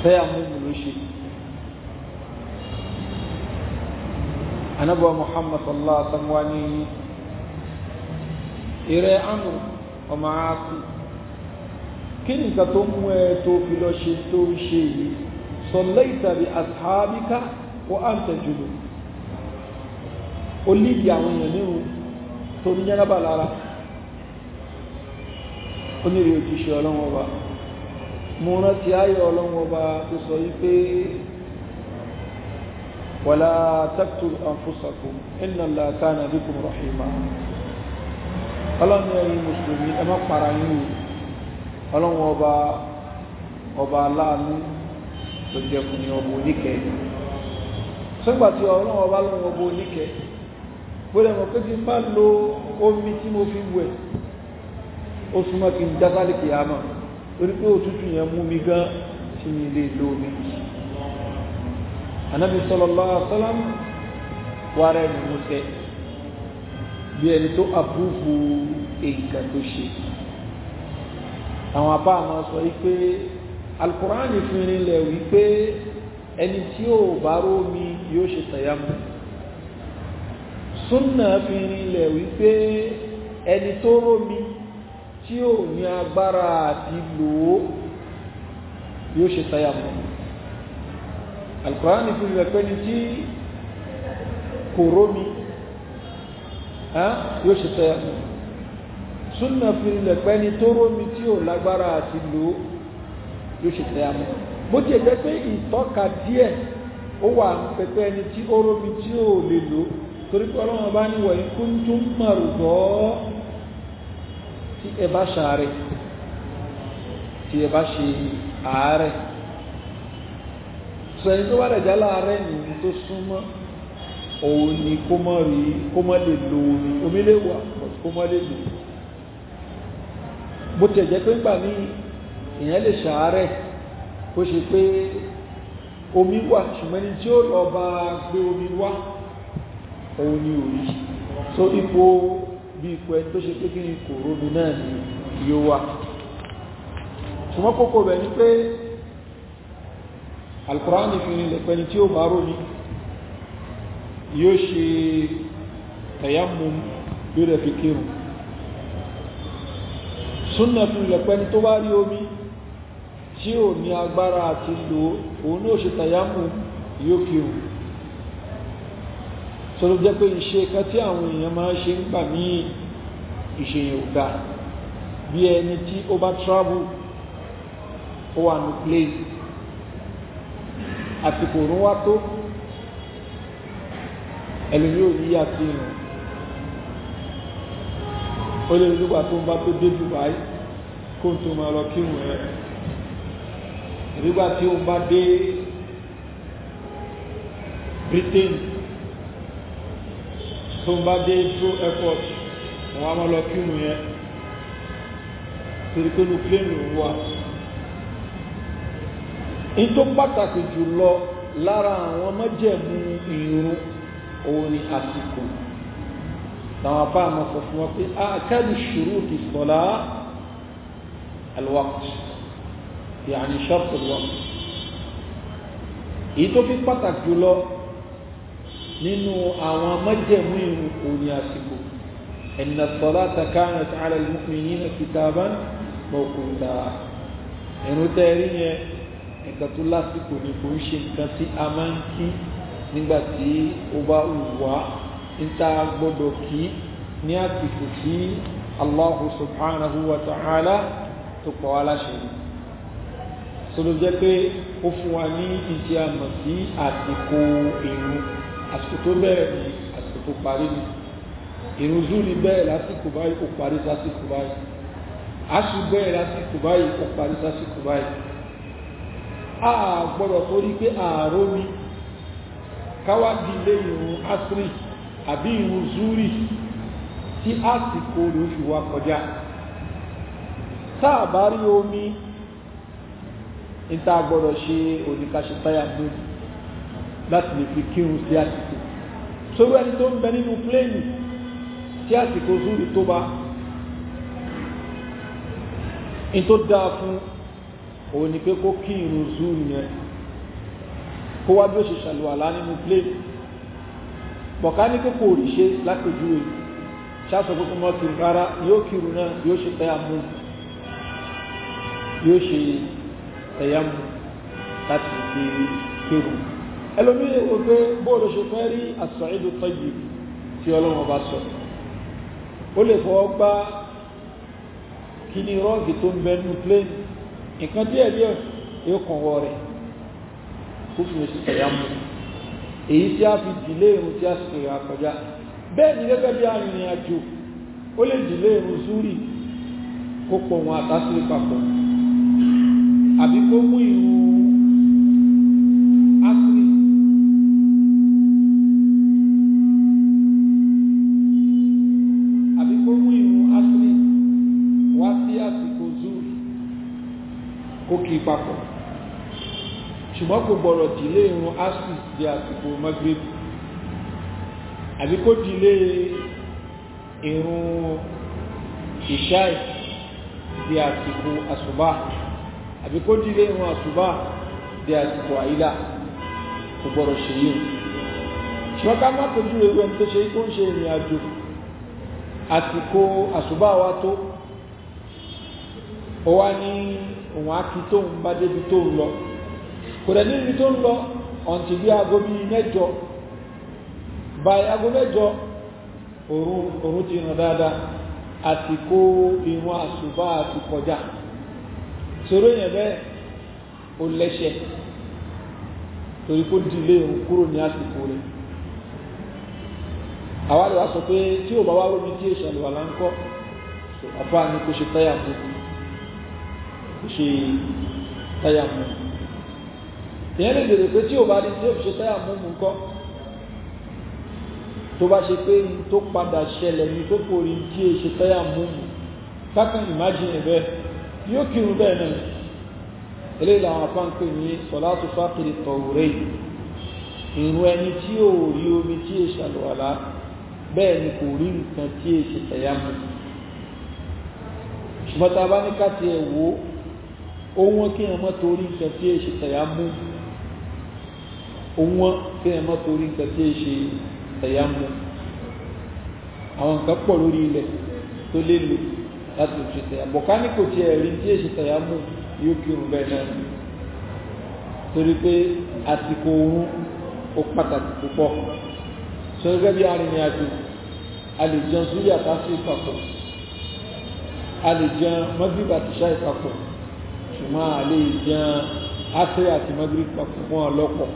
taya mu shi anabuwa muhammad sallallahu alaihi wasallam ire anu ọmọ aasi kí ni nǹkan tó mú ẹ tó fi lọ ṣe tó ń ṣe yìí sallaita bi ashabika wa anta junub ó líbi àwọn èèyàn nínú tó ní yánábà lára ó ní rí ojúṣe ọlọ́wọ́ bá mo rántí ayọ̀ ọlọ́run ọba tó sọ yí pé wàlá taqtul anfusakum inna Allaha kana bikum rahima ọlọ́run ẹ̀yin mùsùlùmí ẹ má para yín o ọlọ́run ọba ọba aláàánú tó jẹ́ fún ni ọba oníkẹ́ sọ́gbà tí ọlọ́run ọba lọ́run ọba oníkẹ́ torí pé òtútù yẹn mú mi gan tí mi lè lo omi anabi sallallahu alaihi wasallam wà rẹ̀ ní mo sẹ́ bí ẹni tó àbúrúfù nǹkan tó ṣe àwọn apá àmọ́ sọ wípé alukurani fi rinlẹ̀ wípé ẹni tí ó bá rómi yóò ṣe tàyàmù súnà fi rinlẹ̀ wípé ẹni tó rómi tí ò ní agbára àti lò ó yóò ṣe tayamọ alkùránì fi rẹ̀ pé ní tí kò rómi yóò ṣe tayamọ súnà fi rẹ̀ pé ní tó rómi tí ò lágbára àti lò ó yóò ṣe tayamọ bó ti ẹgbẹ́ pé ìtọ́ka díẹ̀ ó wà pẹ̀pẹ́ ẹni tí ó rómi tí ò lè lò torí pé ọlọ́run bá ní wọ̀nyí kúntùmọ̀rùdọ́ tí ẹ bá ṣàárẹ̀ tí ẹ bá ṣe àárẹ̀ sọ ẹni tó bá dẹ̀já láàárẹ̀ ní tó súnmọ́ òun ni kó mọ́ rí kó mọ́ lè lo omi omi lè wà kó mọ́ lè lò bó tẹ̀ jẹ́ pé ń gbà ní èèyàn lè ṣàárẹ̀ kó ṣe pé omi wà ṣùgbọ́n ní tí ó lọ bá gbé omi wá òun ni òrí so ipò bí ipò ẹni tó ṣe pé kí ni kò rómi náà ni yóò wà ṣùgbọ́n kókó bẹ̀ ni pé alkùránì fi ní lẹ̀pẹ́ni tí ó máa rò ní yóò ṣe tẹ̀yàmù yóò rẹ̀ fi kírùn súnà fi lẹ̀pẹ́ni tó bá rí omi tí ò ní agbára àti lò òun náà ṣe tẹ̀yàmù yóò kírùn so ló jẹ́ pé ìṣe kan tí àwọn èèyàn máa ṣe ń gbà ní ìṣe yẹn ò dáa bí ẹni tí ó bá travel ó wà ní place àsìkò òun wá tó ẹlòmí ò yí àti ìrìn ó lè nígbà tó ń bá tó dé Dubai kó tó máa lọ kírun ẹ nígbà tí ó bá dé Britain tó ń bá dé tó airport wọn a máa lọ kí òun yẹn torí pé inú plane ló wà ní tó pàtàkì jùlọ lára àwọn májẹ̀mú ìrun òun ni àsìkò làwọn afá àmọ́ sọ fún wọn pé akadu shuruti sọlá alwaqt yàní shartu alwaqt èyí tó fi pàtàkì jùlọ nínú àwọn mọ́jẹ̀mú ìrun kò ní àsìkò inna salata kanat ala al-mu'minina kitaban mawquta ìrun tẹ́rí yẹn nǹkan tó lásìkò ní kò ń ṣe nǹkan tí a máa ń kí nígbà tí ó bá wùwá níta gbọ́dọ̀ kí ní àsìkò tí Allahu subhanahu wa ta'ala tó pa wá láṣẹ jẹ́ pé ó fún wa ní ìjẹ́ àmọ̀ sí àsìkò ìrun àsìkò tó bẹ̀rẹ̀ ni àsìkò tó parí ni ìrun zuri bẹ̀rẹ̀ lásìkò báyìí ó parí sásìkò báyìí aṣù bẹ̀rẹ̀ lásìkò báyìí ó parí sásìkò báyìí a gbọ́dọ̀ torí pé ààrò mi káwá di ilé ìrun asiri àbí ìrun zuri tí àsìkò ló fi wá kọjá táà omi ìta gbọ́dọ̀ ṣe oníkàṣe táyà lónìí láti lè fi kírun sí àsìkò sórí ẹni tó ń bẹ nínú pléènì tí àsìkò zúrì tó bá in tó dáa fún òun ni pé kó kírun zúrì yẹn kó wá bí ó ṣe ṣàlùwàlá nínú pléènì bọ̀ká ní pé kò rí ṣe lápèjúwe ṣáṣọ gbogbo mọ́ kí rárá yóò kírun náà yóò ṣe tẹ́yà mú yóò ṣe tẹ̀yàmù láti fi kírun ẹlòmí o pé bóòlù ṣe fẹ́ rí àṣàìdù tọ́yì tí ọlọ́run bá sọ ó lè fọwọ́ gbá kí ni rọ́ọ̀gì tó ń bẹnu plane nǹkan díẹ̀ díẹ̀ yóò kàn wọ rẹ̀ kó fún oṣù tẹ̀yà mú èyí tí a fi dìlé irun tí a sì tẹ̀yà kọjá bẹ́ẹ̀ ni gẹ́gẹ́ bí arìnrìn àjò ó lè dìlé irun zúrì kó pọ̀ wọn àtàsílẹ̀ papọ̀ àbí kó mú irun kó kí papọ̀ ṣùgbọ́n kò gbọ́dọ̀ dìlé irun asis di àsìkò magreb àbí kó dìlé irun ìṣáì di àsìkò àsùbá àbí kó dìlé irun àsùbá di àsìkò àyílà kò gbọ́dọ̀ ṣe yìí ṣùgbọ́n ká má kojú ewu ẹni tó ṣe tó ń ṣe ìrìn àjò àsìkò àsùbá wa tó ó wá ní òun á kí tóun bá débi tó ń lọ kò dẹ̀ níbi tó ń lọ ọ̀ǹtì bí aago bíi mẹ́jọ báyìí aago mẹ́jọ òun ti ràn dáadáa àti kó irun àṣùbá àti kọjá sọ̀rọ̀ yẹn bẹ́ẹ̀ ó lẹ́ṣẹ̀ torí kó dilé òun kúrò ní àsìkò rẹ̀ àwa lè wá sọ pé tí ò bá wá rómi tí èṣù àlùwàlá ń kọ́ àfáà ni kò ṣe táyà tó kù ṣe táyàmù ìyẹn lè bèrè pé tí ò bá rí tí ó fi ṣe táyàmù mú kọ́ tó bá ṣe pé tó padà ṣẹlẹ̀ ní tó kò rí tí è e ṣe táyàmù mú kákan ìmájìnì bẹ́ẹ̀ yóò kírun bẹ́ẹ̀ náà eléyìí làwọn afáǹpẹ̀ ní sọ̀látù fákìrì tọ̀wúrẹ́ ìrún ẹni tí ò rí omi tí è e ṣàlùwàlá bẹ́ẹ̀ ni kò rí nǹkan tí è e ṣe táyàmù ṣùgbọ́n tá bá ní ká tiẹ̀ wò ó òun kí ẹ mọ́ torí nǹkan tí èṣe tẹ̀yàmú òun kí ẹ mọ́ torí nǹkan tí èṣe tẹ̀yàmú àwọn nǹkan pọ̀ lórí ilẹ̀ tó lè lò láti ṣe tẹ̀yàmú bọ̀káníkò tí ẹ rí tí èṣe tẹ̀yàmú yóò kírun bẹ́ẹ̀ náà torí pé àsìkò oorun ó pàtàkì púpọ̀ sọ gẹ́gẹ́ bí arìnrìn-àjò a lè jẹun súyà tá a ìpapọ̀ a lè jẹun mọ́bí bàtìṣà ìpapọ̀ ṣùgbọ́n àlè ìjàn asiri àti magrib papọ̀ fún ọ lọ́pọ̀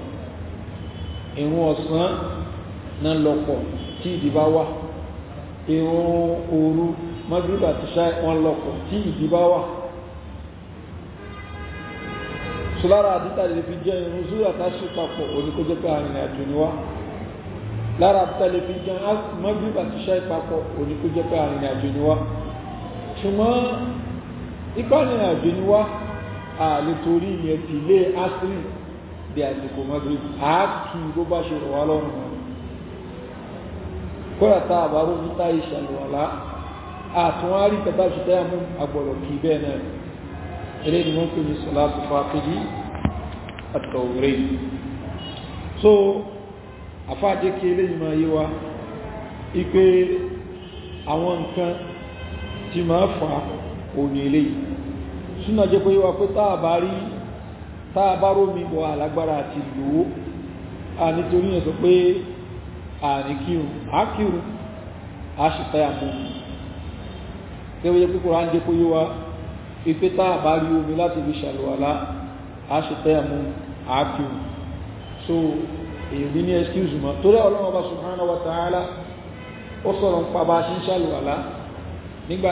ìrun ọ̀sán náà lọ́pọ̀ tí ìdìbá wà ìrun òru magrib àti ṣáì wọn lọ́pọ̀ tí ìdìbá wà sùlára àdítà lè fi jẹ́ irun zúra tá ṣe papọ̀ oníkójẹ́ pé àrìnrìn àjò ni wá lára àdítà lè fi jẹ́ magrib àti ṣáì papọ̀ oníkójẹ́ pé àrìnrìn àjò ni wá ṣùgbọ́n ipá àrìnrìn àjò ni wá a lè torí ìyẹn ti lé asiri di àsìkò magrib a kì bó bá ṣe rọ̀ wá lọ́rùn wọn kódà tá a bá rú níta ìṣàlùwàlá àtúnwárí kẹta ṣùtẹ́ agbọ̀rọ̀ kì bẹ́ẹ̀ náà eré ni wọ́n pè ní sọlá tó fa péjì àtọ̀wúrẹ́ so àfáàjẹ́ kí eléyìí ipe àwọn nǹkan tí máa fà súnà jẹ́ pé wà pé táà bá rí táà bá rómi bọ̀ alágbára àti lòó a nítorí yẹn sọ pé àní kírun a kírun a sì tẹ́ àmú jẹ́ pé wà pé táà rí omi láti fi ṣàlùwàlá a sì tẹ́ so èyí ní excuse mọ́ wa ta'ala ó sọ̀rọ̀ ń pa bá a ṣe ń ṣàlùwàlá nígbà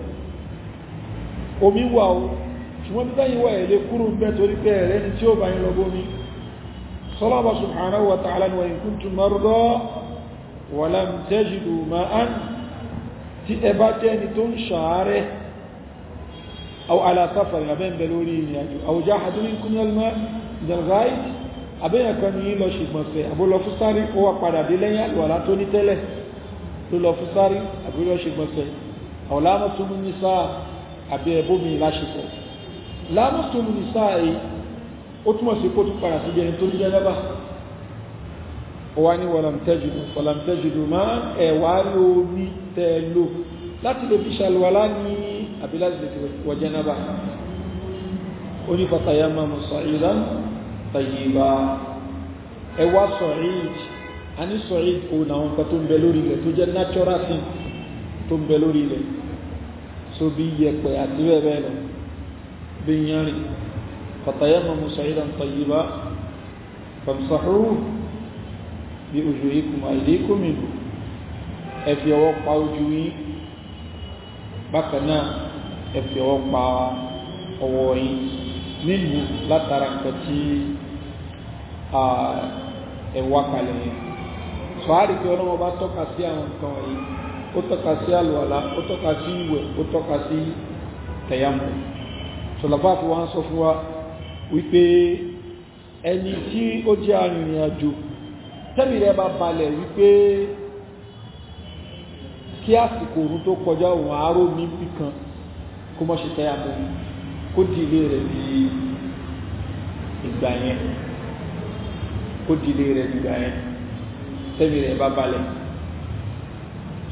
omi wà o ṣùgbọ́n bí táyí wà èlé kúrò ń bẹ́ torí pé ẹ̀rẹ́ ni tí ó bá yín lọ bómi sọ́lọ́bà subhanahu wa ta'ala ni wa in kuntum marda wa lam tajidu ma'an tí ẹ bá jẹ́ ni tó ń ṣàárẹ̀ aw ala safar abẹ́ ń bẹ lórí ìrìn àjò aw jahada minkum al-ma' àbí ẹbómi ìláṣepọ̀ lánàá tó mú ní sáà yìí ó túnmọ̀ sí kó tún padà sí ibi ẹni tó ń jẹ́ lẹ́bà wọ́n ní wọ̀làmtẹ́jùdù wọ̀làmtẹ́jùdù máa ẹ̀wà ló ní tẹ́lò láti lè fi ṣàlùwàlá ní àbíláṣẹ́ wọ̀jẹ́ náà ó ní fàtàyà máa mú sa'idan tayyiba ẹwà sa'id a ní sa'id òun àwọn nǹkan tó ń bẹ lórí ilẹ̀ tó jẹ́ natural thing tó ń bẹ lórí ilẹ̀ tó bí yẹ̀pẹ̀ àti bẹ́ẹ̀ bẹ́ẹ̀ lọ bí yánrin fatayamamu sa'idan tayyiba famsahu bi wujuhikum aydikum minhu ẹ fi ọwọ́ pa ojú yín bákan náà ẹ fi ọwọ́ pa ọwọ́ yín nínú látara nǹkan ẹwà kalẹ̀ yẹn sọ àdìgbẹ́ ọlọ́mọba tọ́ka sí àwọn nǹkan wọ̀nyí ó tọ́ka sí àlùwàlá ó tọ́ka sí ìwẹ̀ ó tọ́ka sí tẹ̀yàmù sọ̀làfáàfù wa ń sọ fún wa wípé ẹni tí ó jẹ́ arìnrìn àjò tẹ́bì rẹ̀ bá balẹ̀ wípé kí àsìkò òun tó kọjá òun àárò níbì kan kó mọ́ ṣe tẹ́yàmù kó di ilé rẹ̀ di ìgbà yẹn kó di ilé rẹ̀ di ìgbà yẹn tẹ́bì rẹ̀ bá balẹ̀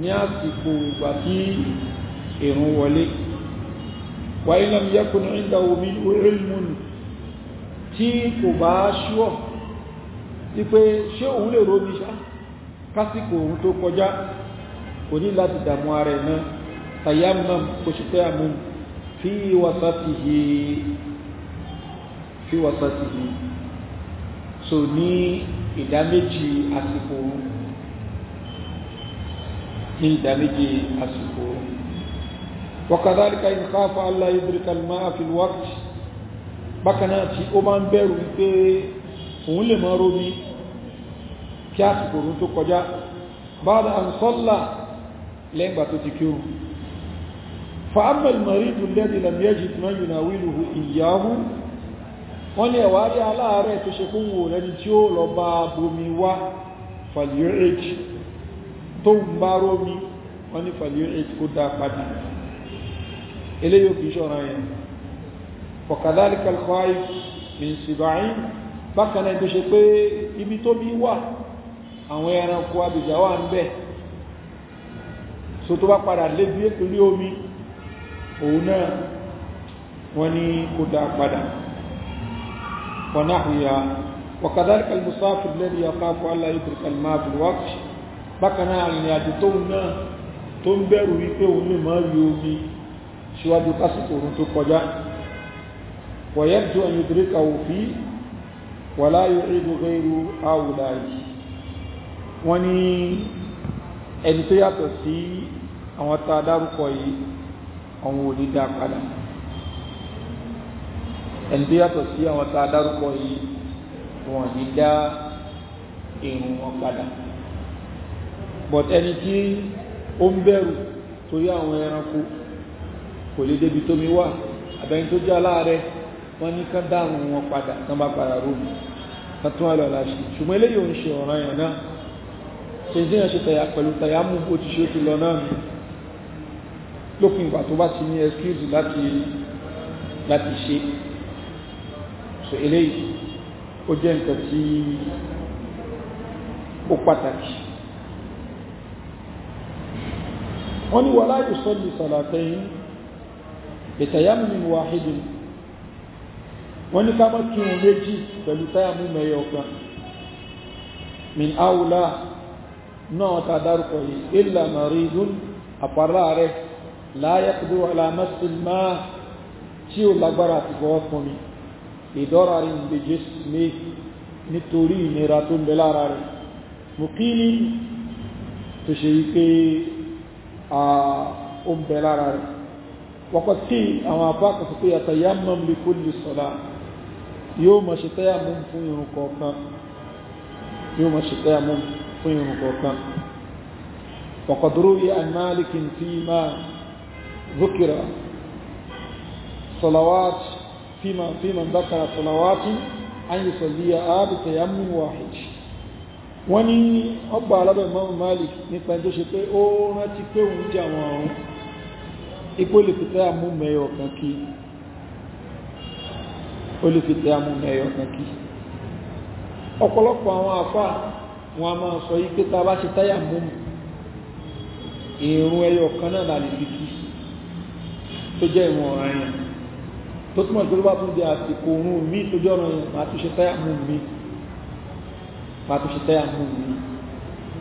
ní àsìkò ìgbà tí ìrun wọlé wa ilam yakun indahu min ilmun tí kò bá ṣúọ̀ sí pé ṣé òun lè ro mi ṣá kásìkò òun tó kọjá kò ní láti dàmú ara ẹ̀ náà tayammam àmú fi wasatihi fi so ní ìdá àsìkò òun ní ìdáméjì àsìkò wakadhalika in khafa alla yudrika almaa fi alwaqt bákanáà tí ó bá ń bẹ̀rù wípé òun lè máa rómi kí àsìkò òun tó kọjá ba'da an salla lẹ́gbà tó ti kí o fa'amma almaridu alladhi lam yajid man yunawiluhu iyyahu wọ́n ní ẹ̀wà rí aláàárẹ̀ tó ṣe kún wò lẹ́ni tí ó lọ bá bomi wá fàlíọ́ẹ̀jì tó ń bá rómi wọ́n ní fàlíyàn kó dá padà eléyìí ò kìí ṣọ́ra yẹn fọ̀kàdálíkà kọ́ì mìsìbáyín bákan náà tó ṣe pé ibi tó bí wà àwọn ẹranko abìjà wà ń bẹ̀ so tó bá padà lébi èpèlé omi òun náà wọ́n ní kó dá padà wọ̀náhùyà وكذلك bákan náà arìnrìn àjò tóun náà tó ń bẹ̀rù wípé òun lè má rí omi síwájú kásìkò òun tó kọjá wọ̀yẹ́jù àyùdíríkà òfin wà láyé ìdúgbò irú àwùdá yìí wọ́n ní ẹni tó yàtọ̀ sí àwọn tá dárúkọ yìí àwọn òní dá padà ẹni tó yàtọ̀ sí àwọn tá dárúkọ yìí wọ́n ní dá irun wọn padà but ẹni tí ó ń bẹ̀rù torí àwọn ẹranko kò lè débi tómi wà àbẹ́yìn tó jẹ́ aláàrẹ wọ́n ní kán dáàmù wọn padà tán bá padà rómi tán tún àlọ́ aláṣẹ ṣùgbọ́n eléyìí ò ń ṣe ọ̀ràn yẹn náà ṣe ń ṣe tẹ̀yà pẹ̀lú tẹ̀yà mú bó ti ṣe ti lọ náà ni lópin ìgbà tó bá ti ní excuse láti láti ṣe so eléyìí ó jẹ́ nǹkan tí ó pàtàkì wọ́n ní wala yusalli salatayn ìtàyàmùn wahidin wọ́n ní ká má kí wọn méjì pẹ̀lú táyàmù mẹ́yọ kan min aula náà ta dárúkọ yìí illa maridun àpárá rẹ̀ la yaqdiru ala massil ma tí ó Ah, ó ń bẹ lára rẹ̀ wọ́pọ̀ tí àwọn apá kan sọ pé yatayammam li kulli salat yóò mọ̀ ṣe tayammum fún irun kọ̀ọ̀kan yóò mọ̀ ṣe tayammum fún irun kọ̀ọ̀kan وقد روي عن مالك فيما ذكر صلوات فيما فيمن ذكر صلوات أن يصليها بتيمم واحد wọ́n ní ọgbà alábẹ̀ mọ́mù Malik nípa tó ṣe pé ó rántí pé òun jẹ àwọn ọ̀run ipò olùfìtẹ́ amúmẹ́yọ kan kí olùfìtẹ́ amúmẹ́yọ kan kí ọ̀pọ̀lọpọ̀ àwọn àfà wọn a máa sọ yí pé ta bá ṣe táyà múmù ìrún ẹyọ kan náà là lè tó jẹ́ ìwọ̀n ọ̀ràn tó túmọ̀ ìgbélúbà tó di àsìkò òun míì tó jọ́ yẹn àti ṣe táyà múmù míì máa tó ṣe tẹ́yà mú mi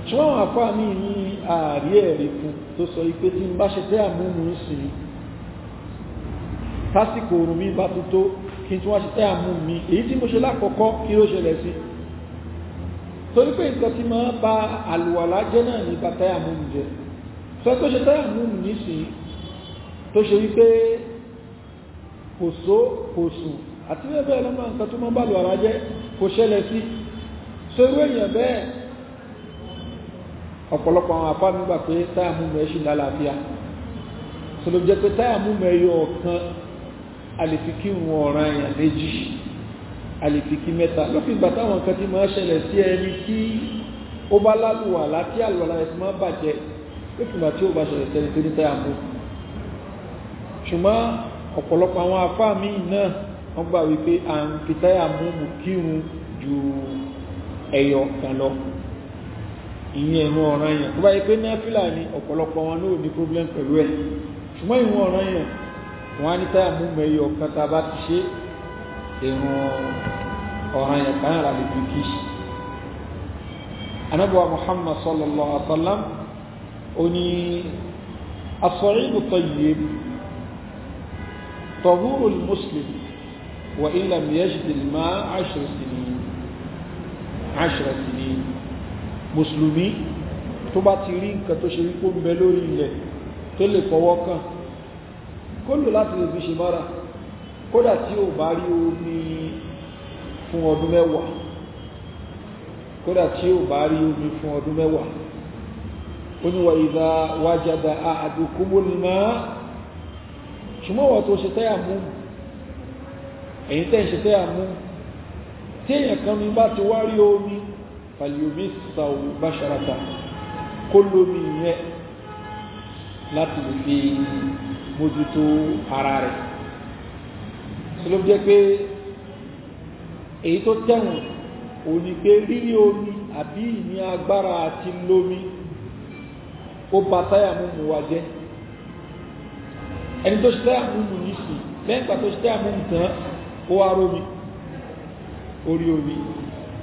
ṣùgbọ́n àwọn àfáà mi ní ààrí ẹ̀rí fún tó sọ ipé tí ń bá ṣe tẹ́yà mú mi ń sìn tásìkò oòrùn mi bá tó tó kí n tún wá ṣe tẹ́yà mú mi èyí tí mo ṣe lákọ̀ọ́kọ́ kí ló ṣẹlẹ̀ sí torí pé nǹkan tí máa ba àlùwàlá jẹ́ náà ní bàtẹ́yà mú mi jẹ́ sọ tó ṣe tẹ́yà mú mi nísìn tó ṣe wípé kò só kò sùn àti bẹ́ẹ̀ bẹ́ẹ̀ lọ́mọ nǹkan tó máa bá àlùwàlá jẹ́ kò ṣẹlẹ̀ sí sórí èèyàn bẹ́ẹ̀ ọ̀pọ̀lọpọ̀ àwọn afá nígbà pé táyà mú mẹ́ ṣì lálàáfíà sọlọ jẹ́ pé táyà mú mẹ́ yọ ọ̀kan àlèfikí wọn ọ̀ràn èèyàn méjì àlèfikí mẹ́ta lófin ìgbà táwọn nǹkan ti máa ṣẹlẹ̀ sí ẹni tí ó bá lálùwà láti àlọ́lá ẹ̀sìn máa bàjẹ́ lófin ìgbà tí ó bá ṣẹlẹ̀ sẹ́ni tó ní táyà mú ṣùgbọ́n ọ̀pọ̀lọpọ̀ àwọn afá míì náà wọ́n gbà wípé à ń fi táyà mú mú kírun ju ẹyọ kan lọ ìyẹn ìwọ̀n ọ̀ràn yẹn tó bá yẹ pé náfìlà ni ọ̀pọ̀lọpọ̀ wọn náà ní problem pẹ̀lú ẹ̀ ṣùgbọ́n ìwọ̀n ọ̀ràn yẹn wọ́n á ní táyà mú mọ ẹyọ kan tá a bá ti ṣe ìrùn ọ̀ràn yẹn kan rà lè fi kí anábọ̀ Muhammad sallallahu alaihi wa sallam ó ní as-sa'idu tayyib tahuru al-muslim wa in lam yajid al-ma'a 'ashra ashra sinin mùsùlùmí tó bá ti rí nǹkan tó ṣe wípó ń bẹ lórí ilẹ̀ tó lè fọwọ́ kàn kó lò láti lè fi ṣe mọ́ra kódà tí ò bá rí omi fún ọdún mẹ́wàá kódà tí ò bá rí omi fún ọdún mẹ́wàá ó ìdá wájádà àdùkúmó ni máa ṣùgbọ́n wọ́n tó ṣe tẹ́yà mú ẹ̀yìn tẹ́yà mú tí èyàn kan ní bá ti wá rí omi fàlìomi sàwò bá ṣarata kó lómi yẹn láti lè fi mójútó ara rẹ̀ tí ló jẹ́ pé èyí tó tẹ̀wọ̀n òní pé rírí omi àbí ìní agbára àti lómi ó ba táyà múmu wa jẹ́ ẹni tó ṣe táyà múmu yìí lẹ́yìn tó ṣe táyà múmu tán ó wá rómi orí omi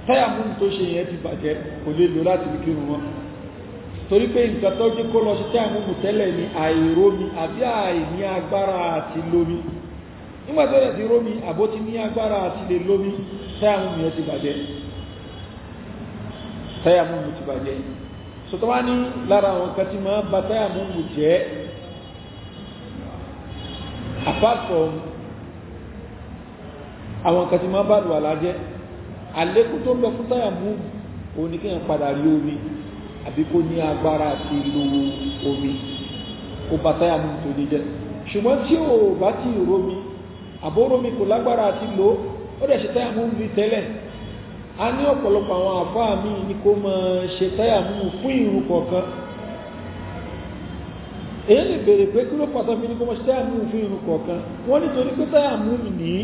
tayamum tó ṣe yẹn ti bàjẹ́ kò lè lò láti fi kírun wọn torí pé nǹkan tó jẹ́ kó lọ sí tayamum tẹ́lẹ̀ ni àìrómi àbí àìní agbára àti lómi nígbà tó yẹ ti rómi àbó ti ní agbára àti lè lómi tayamum yẹn ti bàjẹ́ tayamum ti bàjẹ́ sọtọ́ wá ní lára àwọn kan tí máa ba tayamum jẹ́ apart from àwọn kan tí máa bá lù àlájẹ́ àlékún tó ń bẹ fún tàyàmú òun ni kéèyàn padà rí omi àbí kó ní agbára àti lo omi kó bá tàyàmú tó ní jẹ́ ṣùgbọ́n tí ò bá ti romi àbóromi kò lágbára àti lo ó dẹ̀ ṣe tàyàmú mi tẹ́lẹ̀ a ní ọ̀pọ̀lọpọ̀ àwọn àfáà mi ni kó máa ṣe tàyàmú fún ìrun kọ̀ọ̀kan èyí lè béèrè pé kí ló pàtàkì ní kó máa ṣe tàyàmú fún ìrun kọ̀ọ̀kan wọ́n nítorí pé tàyàmú nìyí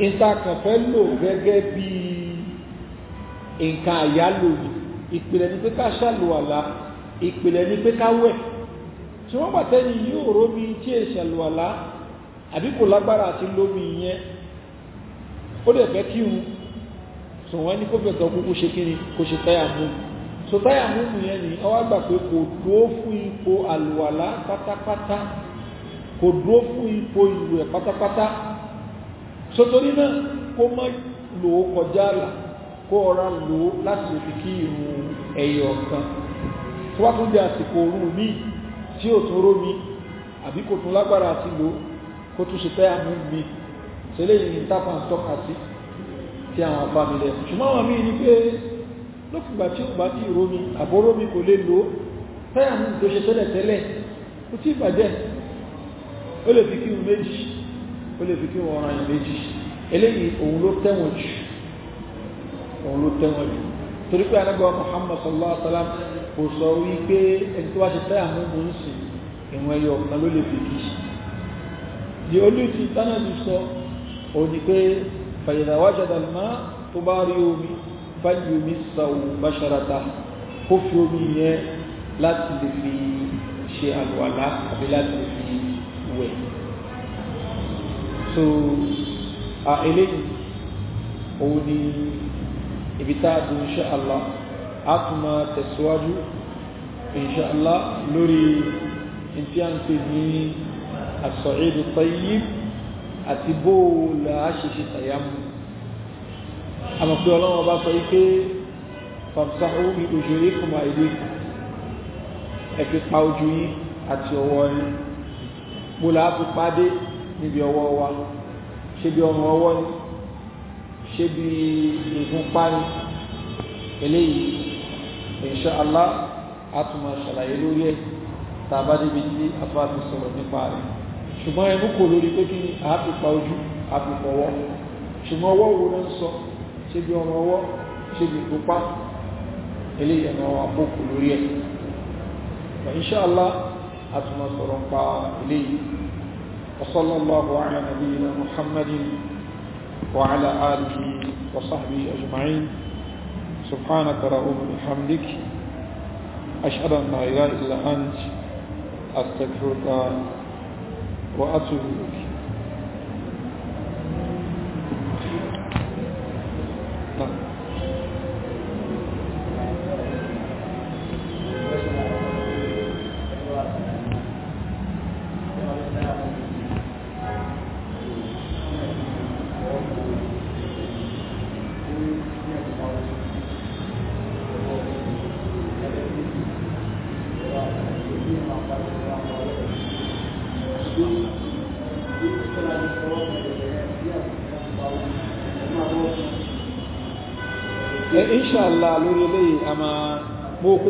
ìtàkàn fẹ́ lò gẹ́gẹ́ bí nǹkan àyálò ìpìlẹ̀ ní pé ká ṣàlùwàlá ìpìlẹ̀ ní pé ká wẹ̀ tí wọ́n bàtẹ́ ni ró bí tí è ṣàlùwàlá àbí kò lágbára àti lómi yẹn ó dẹ̀ fẹ́ kí un sọ wọ́n ní kó kúkú ṣe kó ṣe táyà mú fún ipò pátápátá kò fún ipò pátápátá sotori náà kó má lò ó kọjá àlà kó ọ̀rá lò ó láti lè kí irun ẹ̀yọ̀ kan tó wá tún di àsìkò òru mi tí ò tún rómi àbí kò tún lágbára àti lò ó kó tún ṣe fẹ́ àmú mi tẹ́lẹ̀ yìí ń tàpá ń tọ́ka sí tí àwọn àbámilẹ̀ ṣùgbọ́n àwọn míì ní pé lókùngbà tí ó bá ti rómi àbórómi kò lè lò ó fẹ́ àmú tó ṣe tẹ́lẹ̀ tẹ́lẹ̀ ó tí ìbàjẹ́ ó lè fi kí irun méjì ó lè fi kí wọ́n ràn méjì eléyìí òun ló tẹ̀wọ̀n jù òun ló tẹ̀wọ̀n jù torí pé anábọ̀ Muhammad sallallahu alaihi wa sallam kò sọ wípé ẹni tó wá ṣe tẹ́ àmú mò ń sìn ìwọ̀n ẹyọ ọ̀kan ló lè fi kí di olùtí tánàbí sọ òun ni pé fàyẹ̀dà wájàdà má tó bá rí omi fáyẹ̀ omi sàwò báṣarata kó fi omi yẹn láti lè fi ṣe àlùwàlá àbí láti lè fi wẹ̀ so eléyìí òun ni ibi tá a dùn insha Allah a tún máa tẹ̀síwájú insha Allah lórí ntí à ń pè ní as-sa'idu tayyib àti bó la a ṣe ṣe tàyàmù àmọ́ pé ọlọ́wọ́ bá sọ wípé famsahu bi ujurikum wa aydikum ẹ fi pa ojú yín àti ọwọ́ yín bó la a fi pa dé níbi ọwọ́ wa ṣé bí ọrùn ọwọ́ ni ṣé bí ìgúnpá ni eléyìí insha Allah àtúmọ̀ ṣàlàyé lórí ẹ̀ tá a bá débi tí àfáà ti sọ̀rọ̀ nípa rẹ̀ ṣùgbọ́n ẹnu kò lórí pé kí àápìpa ojú àpìpọ̀wọ́ ṣùgbọ́n ọwọ́ wo ló ń sọ ṣé bí ọrùn ọwọ́ ṣé bí ìgúnpá eléyìí ẹ̀nà àpòkò lórí ẹ̀ insha Allah àtúmọ̀ sọ̀rọ̀ nípa eléyìí وصلى الله على نبينا محمد وعلى آله وصحبه أجمعين سبحانك رؤوم بحمدك أشهد أن لا إله إلا أنت أستغفرك وأتوب إليك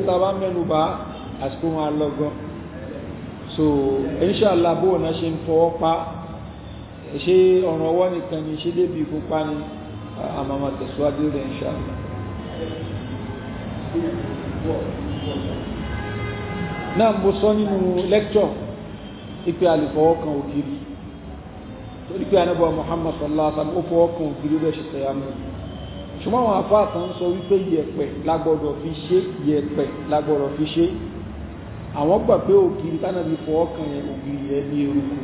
ta bá mẹ́nu bá àsìkò wọn alọ́gán so inshallah bó ọ̀nà ṣe ń fọwọ́ pa ṣe ọ̀ràn ọwọ́ nìkan ni ṣe débi ìkópa ni àmàmà tẹ̀síwájú rẹ̀ inshallah náà mo sọ nínú lẹ́kítọ̀ ipe àlùfọwọ́ kan ògiri torí anábọ̀ Muhammad sallallahu alaihi wasallam ó fọwọ́ kan ògiri bẹ́ẹ̀ ṣe tẹ̀yà mọ́ ṣùgbọ́n àwọn afá kan sọ wípé yẹ̀pẹ̀ lágbọ́dọ̀ fi ṣe yẹ̀pẹ̀ lágbọ́dọ̀ fi ṣe àwọn gbà pé ògiri tánàbí fọwọ́ kan yẹn ògiri yẹn ní eruku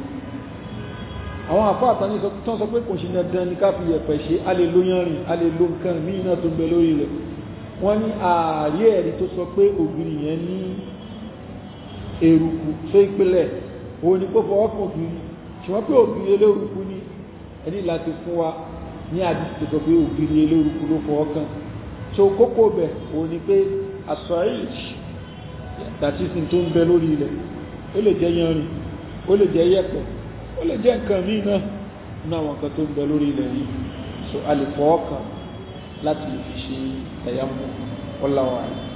àwọn afá kan tán sọ pé kò ṣe dandan ní ká fi yẹ̀pẹ̀ ṣe a lè lo yanrìn a lè lo nǹkan míì náà tó ń bẹ lórí rẹ̀ wọ́n ní ààrí ẹ̀rí tó sọ pé ògiri yẹn ní eruku tó ìpìlẹ̀ òun ni kó fọwọ́ kan ògiri ṣùgbọ́n pé ògiri eléruku ni ẹni láti fún wa ní àdìsí tó pé ògiri eléorúkú ló fọ ọkàn so kókó bẹ̀ o ni pé asọ́ìj tàbí sin tó ń bẹ lórí ilẹ̀ ó lè jẹ́ yanrìn ó lè jẹ́ yẹ̀pẹ̀ ó lè jẹ́ nǹkan míì náà ní àwọn nǹkan tó ń bẹ lórí ilẹ̀ yìí so a lè fọ ọkàn láti lè fi ṣe ẹ̀yà mú ọláwà rẹ̀.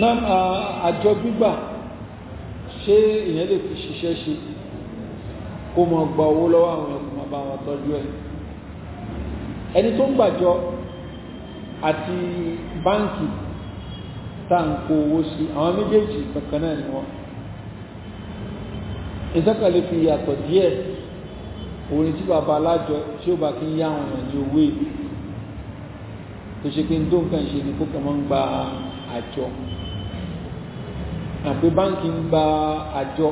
náà àjọ gbígbà ṣé èèyàn lè fi ṣiṣẹ́ ṣe kó mọ gba owó lọ́wọ́ àwọn ẹ̀kọ́ máa bá wọn tọ́jú ẹ̀ ẹni tó ń gbàjọ àti báǹkì tá à ń owó sí àwọn méjèèjì kankan náà ni wọn ìsọ́kàlẹ̀ fi yàtọ̀ díẹ̀ orin tí bàbá alájọ tí ó bá kí ń yá àwọn èèyàn ní owó èlé tó ṣe pé ń tó nǹkan ṣe ni kó kàn máa ń gba àjọ àpé báńkì ń gba àjọ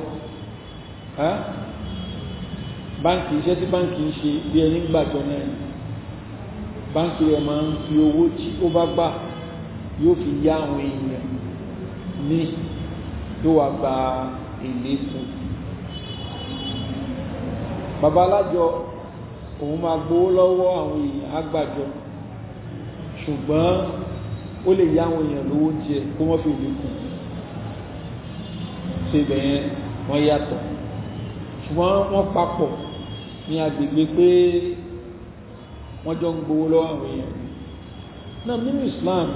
báńkì iṣẹ́ tí báńkì ń ṣe bí ẹni gbàjọ náà ni báńkì rẹ̀ máa ń fi owó tí ó bá gbà yóò fi yá àwọn èèyàn ní tó wà gba èlé fún bàbá alájọ òun máa gbowó lọ́wọ́ àwọn èèyàn àgbàjọ ṣùgbọ́n ó lè yá àwọn èèyàn lówó jẹ kó wọ́n fi lè kùn so ibẹ̀ yẹn wọ́n yàtọ̀ ṣùgbọ́n wọ́n papọ̀ ní agbègbè pé wọ́n jọ ń gbowó lọ́wọ́ àwọn èèyàn náà nínú Islam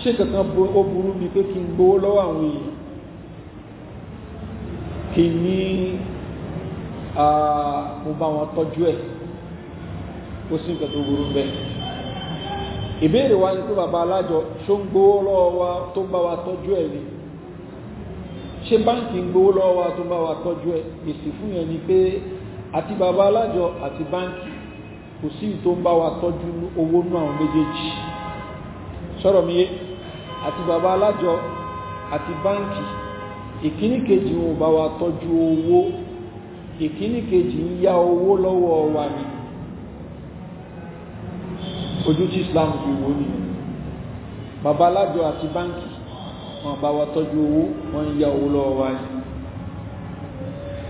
ṣé kankan ó burú mi pé kí n gbowó lọ́wọ́ àwọn èèyàn kí ní mo bá wọn tọ́jú ẹ̀ ó sì ń kẹtọ́ burú bẹ́ẹ̀ ìbéèrè wa ni pé bàbá alájọ ṣó ń gbowó lọ́wọ́ tó ń bá wa tọ́jú ẹ̀ ni ṣé báńkì ń gbowó lọ́wọ́ wa tó bá wa tọ́jú ẹ̀ èsì fún yẹn ni pé àti bàbá alájọ àti báńkì kò sí tó ń bá wa tọ́jú owó nú àwọn méjèèjì sọ̀rọ̀ mi yé àti bàbá alájọ àti báńkì ìkíní kejì wọn bá wa tọ́jú owó ìkíní kejì ń yá owó lọ́wọ́ wa ni ojú tí Islam fi wò ni bàbá alájọ àti báńkì wọn bá wa tọ́jú owó wọn ń ya owó lọ́wọ́ wa ni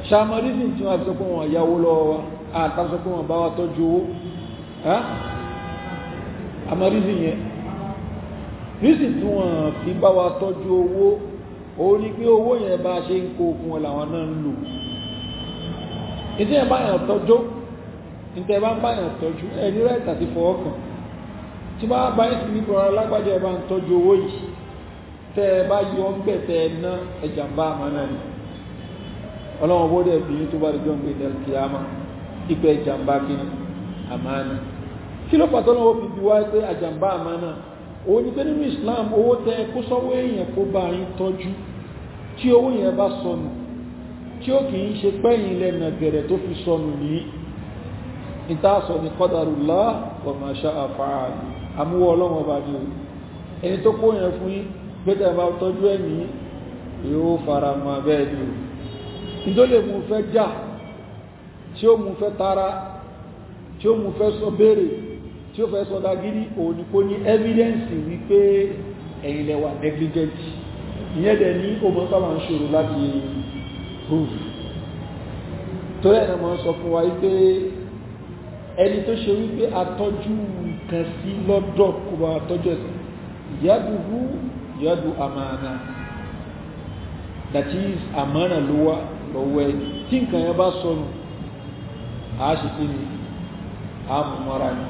ṣàmọ́rìsìn tí wọ́n sọ pé wọ́n ya owó lọ́wọ́ wa àtàsọ pé wọ́n bá wa tọ́jú owó àmọ́rìsìn yẹn rísìn tí wọ́n fi bá wa tọ́jú owó òun ni pé owó yẹn bá ṣe ń kó fún ọ làwọn náà ń lò ìtẹ́yẹ̀ bá yàn tọ́jú ìtẹ́ bá ń bá tọ́jú ẹni rẹ̀ tàbí tí bá bá yàn sí ní kọ́ra lágbájá ẹ̀ ń tọ́jú owó yìí tẹ́ ẹ bá yọ ń bẹ̀ tẹ́ ẹ ná ẹjàmbá àmánà ni ọlọ́wọ́n bó dẹ̀ bí tó bá rí jọ́ǹgbé dẹ̀rù kìámà ìpẹ́ ẹjàmbá kí ni àmánà kí ló pàtó lọ́wọ́ fi bí wá pé ẹjàmbá àmánà òun ni pé nínú Islam owó tẹ́ ẹ kó sọ́wọ́ èèyàn kó bá yín tọ́jú tí owó yẹn bá sọnù tí ó kì í ṣe pẹ́yìn lẹ́nà gẹ̀rẹ̀ tó fi sọnù ní ìtaṣọ ní qadarullah wa ma sha'a fa'al àmúwọ́ ọlọ́wọ́n bá ní o ẹni tó kó yẹn fún yín gbẹ́tẹ̀ bá tọ́jú ẹ̀mí yóò fara mọ́ bẹ́ẹ̀ ni nítorí mú fẹ́ já tí ó mú fẹ́ tara tí ó mú fẹ́ sọ béèrè tí ó fẹ́ sọ dagiri òun ní evidence wípé ẹ̀yin lẹ negligent ìyẹn dẹ̀ ní o mọ́ sábà ń ṣòro láti prove tó ẹ̀nà mọ́ sọ fún wa wípé ẹni tó ṣe wípé atọ́jú nǹkan sí lọ́dọ̀ kò bá atọ́jú ẹ̀sìn ìyá dùgbù yadu amana that is amana ló wà lọ́wọ́ ẹni tí nǹkan yẹn bá sọnù a ṣe kí ni a ah, mú mọ́ra ni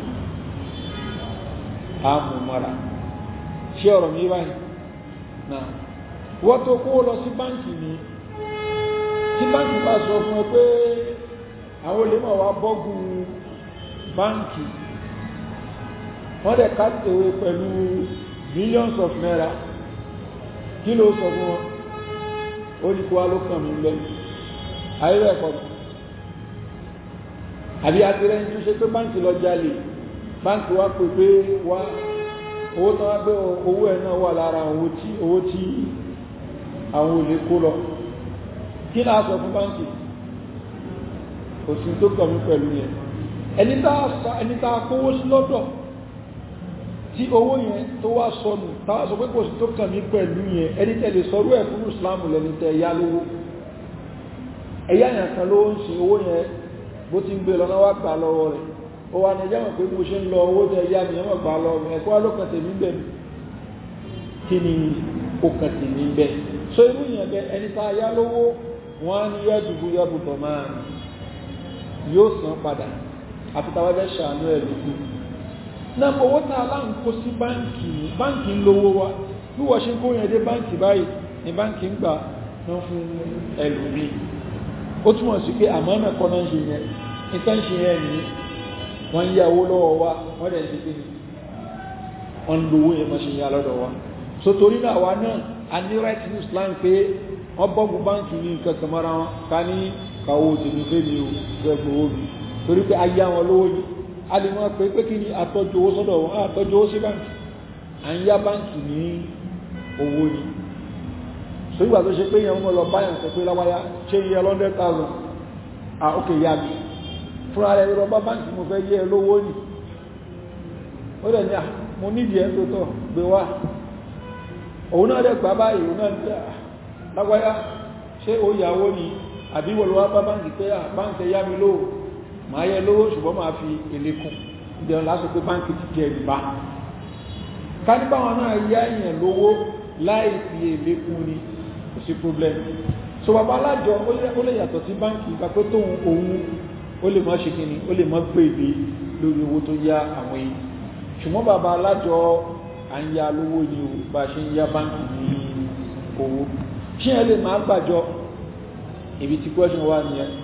a mú mọ́ra ṣé ọ̀rọ̀ mi báyìí náà wọ́n tó kó lọ sí báǹkì ni tí báǹkì bá sọ fún ẹ pé àwọn olè máa wá bọ́gùn báǹkì wọ́n dẹ̀ ká pẹ̀lú millions of naira kí ló sọ fún wọn ó ní kó ló kàn mí àbí ń túnṣe pé báńkì lọ jalè báńkì pè pé wá owó tó wá gbé owó náà wà lára owó tí owó tí àwọn olè kó lọ kí sọ fún báńkì òsì tó kàn mí pẹ̀lú yẹn ẹni tá a kówó sí tí owó yẹn tó wá sọnù táwọn sọ pé kò sí tó kàn mí pẹ̀lú yẹn ẹni tẹ̀lé sọrú ẹ̀ fún ìsìláàmù lẹ́ni tẹ ẹ̀yá lówó ẹ̀yá yẹn kan ló ń sin owó yẹn bó ti ń gbé lọ́nà wá gbà lọ́wọ́ rẹ̀ ó wà ní ẹjá mọ̀ pé so irú yẹn bẹ ẹni tá ẹ̀yá lówó wọn á ní yẹ́dùbú ṣàánú ẹ̀ lókun náà owó tàà láà ń kó sí báǹkì ní báǹkì ń lówó wa bí wọ́n ṣe ń kó yẹn dé báǹkì báyìí ni báǹkì ń gbà náà fún ẹlòmí ó túmọ̀ sí pé àmọ́ náà kọ́ náà ń ṣe yẹn nǹkan ṣe yẹn ní wọ́n yá owó lọ́wọ́ wa wọ́n dẹ̀ ṣe kíni wọ́n lówó yẹn mọ́ ṣe yá lọ́dọ̀ wa so torí náà wa náà a ní right to Islam pé wọ́n bọ́ọ̀bù báǹkì ní nǹkan kan mọ́ra wọn ká ní kàwó tèmi fẹ́ mi ò fẹ́ gbowó mi torí pé ayé àwọn lówó yìí a lè máa pè é pé kí ni àtọ́jú owó sọ́dọ̀ wọn àtọ́jú owó sí báńkì à ń yá báńkì ní owó ni so ìgbà tó ṣe pé èèyàn mọ́ lọ báyàn sọ pé láwáyá ṣe yẹ lọ́ndẹ́ tààzùn à ókè yá mi fúnra rẹ̀ lọ bá mo fẹ́ yẹ lówó ni ó dẹ̀ ní à mo nídìí ẹ̀ tó tọ̀ gbé wá òun náà dẹ̀ gbà báyìí òun náà láwáyá ṣé ó ni àbí bá pé à yá mi máa yẹ lówó ṣùgbọ́n máa fi èlé kún ìdẹ̀rọ lásán pé báńkì ti jẹ ìbá kánípa wọn náà yá èèyàn lówó láì fi èlé kún ni kò sí problem so bàbá alájọ ó lè yàtọ̀ sí báńkì ìgbà pé tóun òun ó lè mọ́ ṣe kíni ó lè mọ́ gbèdé lórí owó tó yá àwọn èèyàn ṣùgbọ́n bàbá alájọ à ń ya lówó ni o bá ṣe ń yá báńkì ní owó ṣé ẹ lè máa gbàjọ ibi tí question wà nìyẹn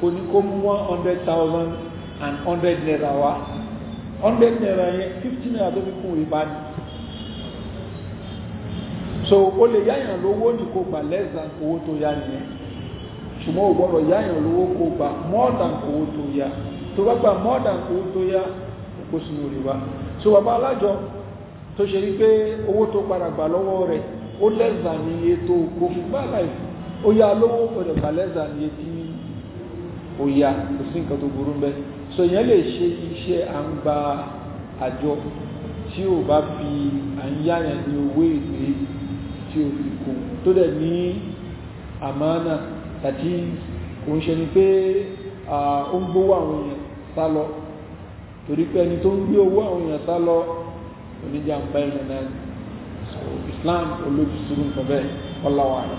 kò ní kó mú one hundred thousand and hundred naira wá hundred naira yẹn fifty naira tó fi kún ìbá ni so o lè yáyàn lówó ní kó gbà less than owó tó yá nìyẹn ṣùgbọ́n o gbọ́dọ̀ yáyàn lówó kó gbà more than owó tó yá tó bá gbà more than owó tó yá kó sínú rìbá so bàbá alájọ tó ṣe rí pé owó tó padà gbà lọ́wọ́ rẹ̀ ó less than iye tó kó fún gbà láì ó yá lówó gbọ́dọ̀ gbà less than iye tí ó yá kò sí nǹkan tó burú bẹ́ẹ̀ so èèyàn lè ṣe iṣẹ́ à ń gba àjọ tí ò bá fi à ń yáyàn ní owó èlé tí ò fi kún tó dẹ̀ ní àmánà tàbí kò ń ṣe ni pé ó ń gbówó àwọn èèyàn sá lọ torí pé ẹni tó ń gbé owó àwọn èèyàn sá oníjàmbá èèyàn náà so Islam olójú sùúrù nǹkan bẹ́ẹ̀ ọláwà rẹ̀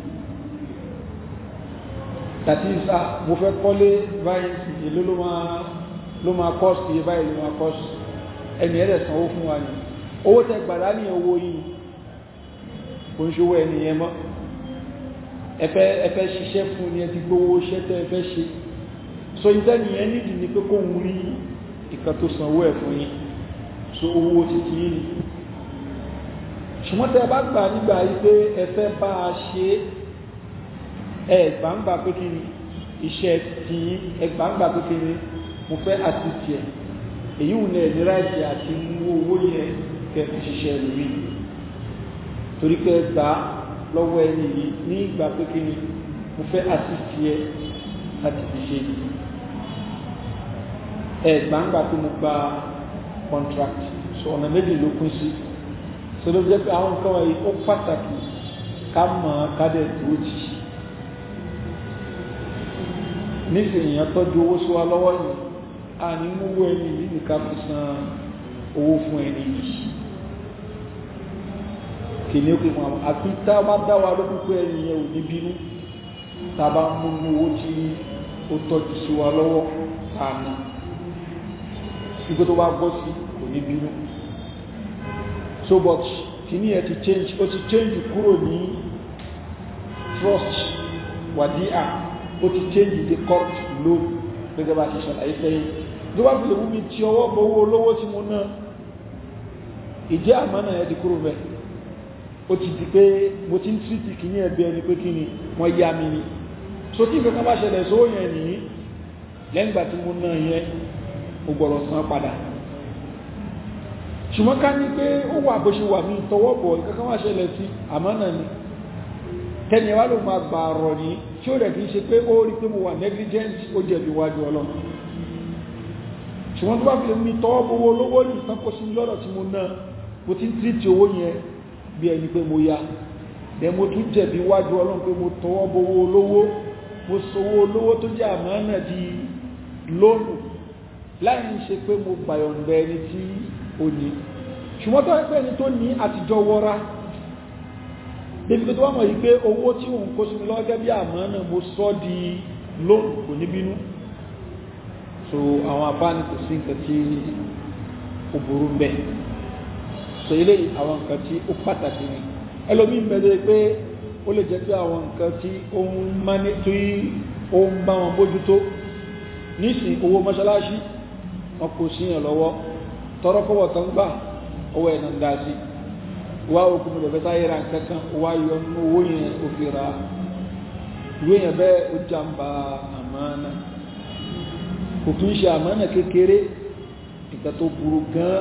that is ah mo fẹ́ kọ́lé báyìí sí èló ló máa ló máa cost iye báyìí ló máa cost ẹni ẹ̀rẹ̀ sanwó fún wa ni owó tẹ gbàdá ní owó yìí kò ń ṣòwò ẹni yẹn mọ́ ẹfẹ́ ṣiṣẹ́ fún ni ẹ ti gbówó ṣẹ́ tẹ́ ẹfẹ́ ṣe so ìtẹ́ni yẹn nídìí ni pé kó ń rí ìkan tó sanwó ẹ̀ fún yín so owó títí yìí ṣùgbọ́n tẹ bá gbà nígbà yìí pé ẹfẹ́ bá a ṣe é ẹgbàǹgbà pé kí ni iṣẹ́ tí ẹgbàǹgbà pé kí ni mo fẹ́ àti tiẹ̀ èyí ò lẹ̀ ní ráìtì àti mú owó yẹn kẹfì ṣiṣẹ́ lórí torí pé gbà lọ́wọ́ ẹni yìí ní ìgbà pé ni mo fẹ́ àti tiẹ̀ láti fi ṣe yìí ẹgbàǹgbà pé mo gba contract so ọ̀nà méjì ló pín sí so ló jẹ́ pé àwọn nǹkan wọ̀nyí ó pàtàkì ká mọ̀ ká dẹ̀ dúró jì í nífẹ̀ èèyàn tọ́jú owó sí wa lọ́wọ́ yìí a ní múwó ẹni yìí nìkan fi san owó fún ẹni yìí kìnìún pé wọn àfi tá a bá dá wa lókun pé ẹni yẹn ò ní bínú tá a bá mú owó tí ó tọ́jú sí wa lọ́wọ́ tá a ná ṣùgbọ́n tó bá gbọ́ sí kò ní bínú so but kìíní ẹ ti change ó ti change kúrò ní trust wàdíà ó ti change the court law gẹ́gẹ́ bá ṣe ṣàlàyé sẹ́yìn tó bá fi lè wú mi ti ọwọ́ bọ owó olówó tí mo ná ìjẹ́ àmánà ẹ̀ ti kúrò bẹ́ẹ̀ ó ti di pé mo ti ń tírìtì kìíní ẹ̀bí ẹni pé kí ni wọ́n yá mi ni so tí nǹkan kan bá ṣẹlẹ̀ sówó yẹn nìyí lẹ́yìn ìgbà tí mo ná yẹn mo gbọ́dọ̀ san padà ṣùgbọ́n ká ní pé ó wà bó ṣe wà mí tọwọ́ bọ̀ nǹkan kan wá ṣẹlẹ̀ sí àmánà ni tẹ́ni ẹ ló máa gbà rọ̀ tí ó rẹ̀ kìí ṣe pé ó rí pé mo wà negligent ó jẹ̀bi wájú ọlọ́run ṣùgbọ́n tó bá fi mi tọ́wọ́ bówó lówó yìí tán kó sí tí mo náà mo ti ń tírìtì owó yẹn bí ẹni pé mo ya ẹ mo tún jẹ̀bi wájú ọlọ́run pé mo tọ́wọ́ bówó lówó mo sowó lówó tó jẹ́ àmánà di lónù láì ní ṣe pé mo gbàyọ̀ǹda ẹni tí ó ní ṣùgbọ́n tó wáyé pé ẹni tó ní àtijọ́ wọra débi tó tó wà mọ̀ yìí pé owó tí òun kó sí lọ́wọ́ gẹ́gẹ́ bí mo sọ di lóòrùn kò ní bínú so àwọn abáni kò sí nǹkan tí ó burú ń bẹ so eléyìí àwọn nǹkan tí ó pàtàkì ni ẹlòmíín bẹ̀rẹ̀ pé ó lè jẹ́ pé àwọn nǹkan tí ó ń má ní tí ó ń bá wọn bójútó nísìn owó mọ́ṣáláṣí wọn kò síyàn lọ́wọ́ tọrọkọwọ́ tán gbà owó ẹ̀ náà dá sí i wá òkú mi lọ́fẹ́ sáyé ra nǹkan kan wá yọ nínú owó yẹn ó fi ra ìwé yẹn bẹ́ẹ̀ ó jàǹbá àmánà kò kí ń ṣe àmánà kékeré nǹkan tó burú gan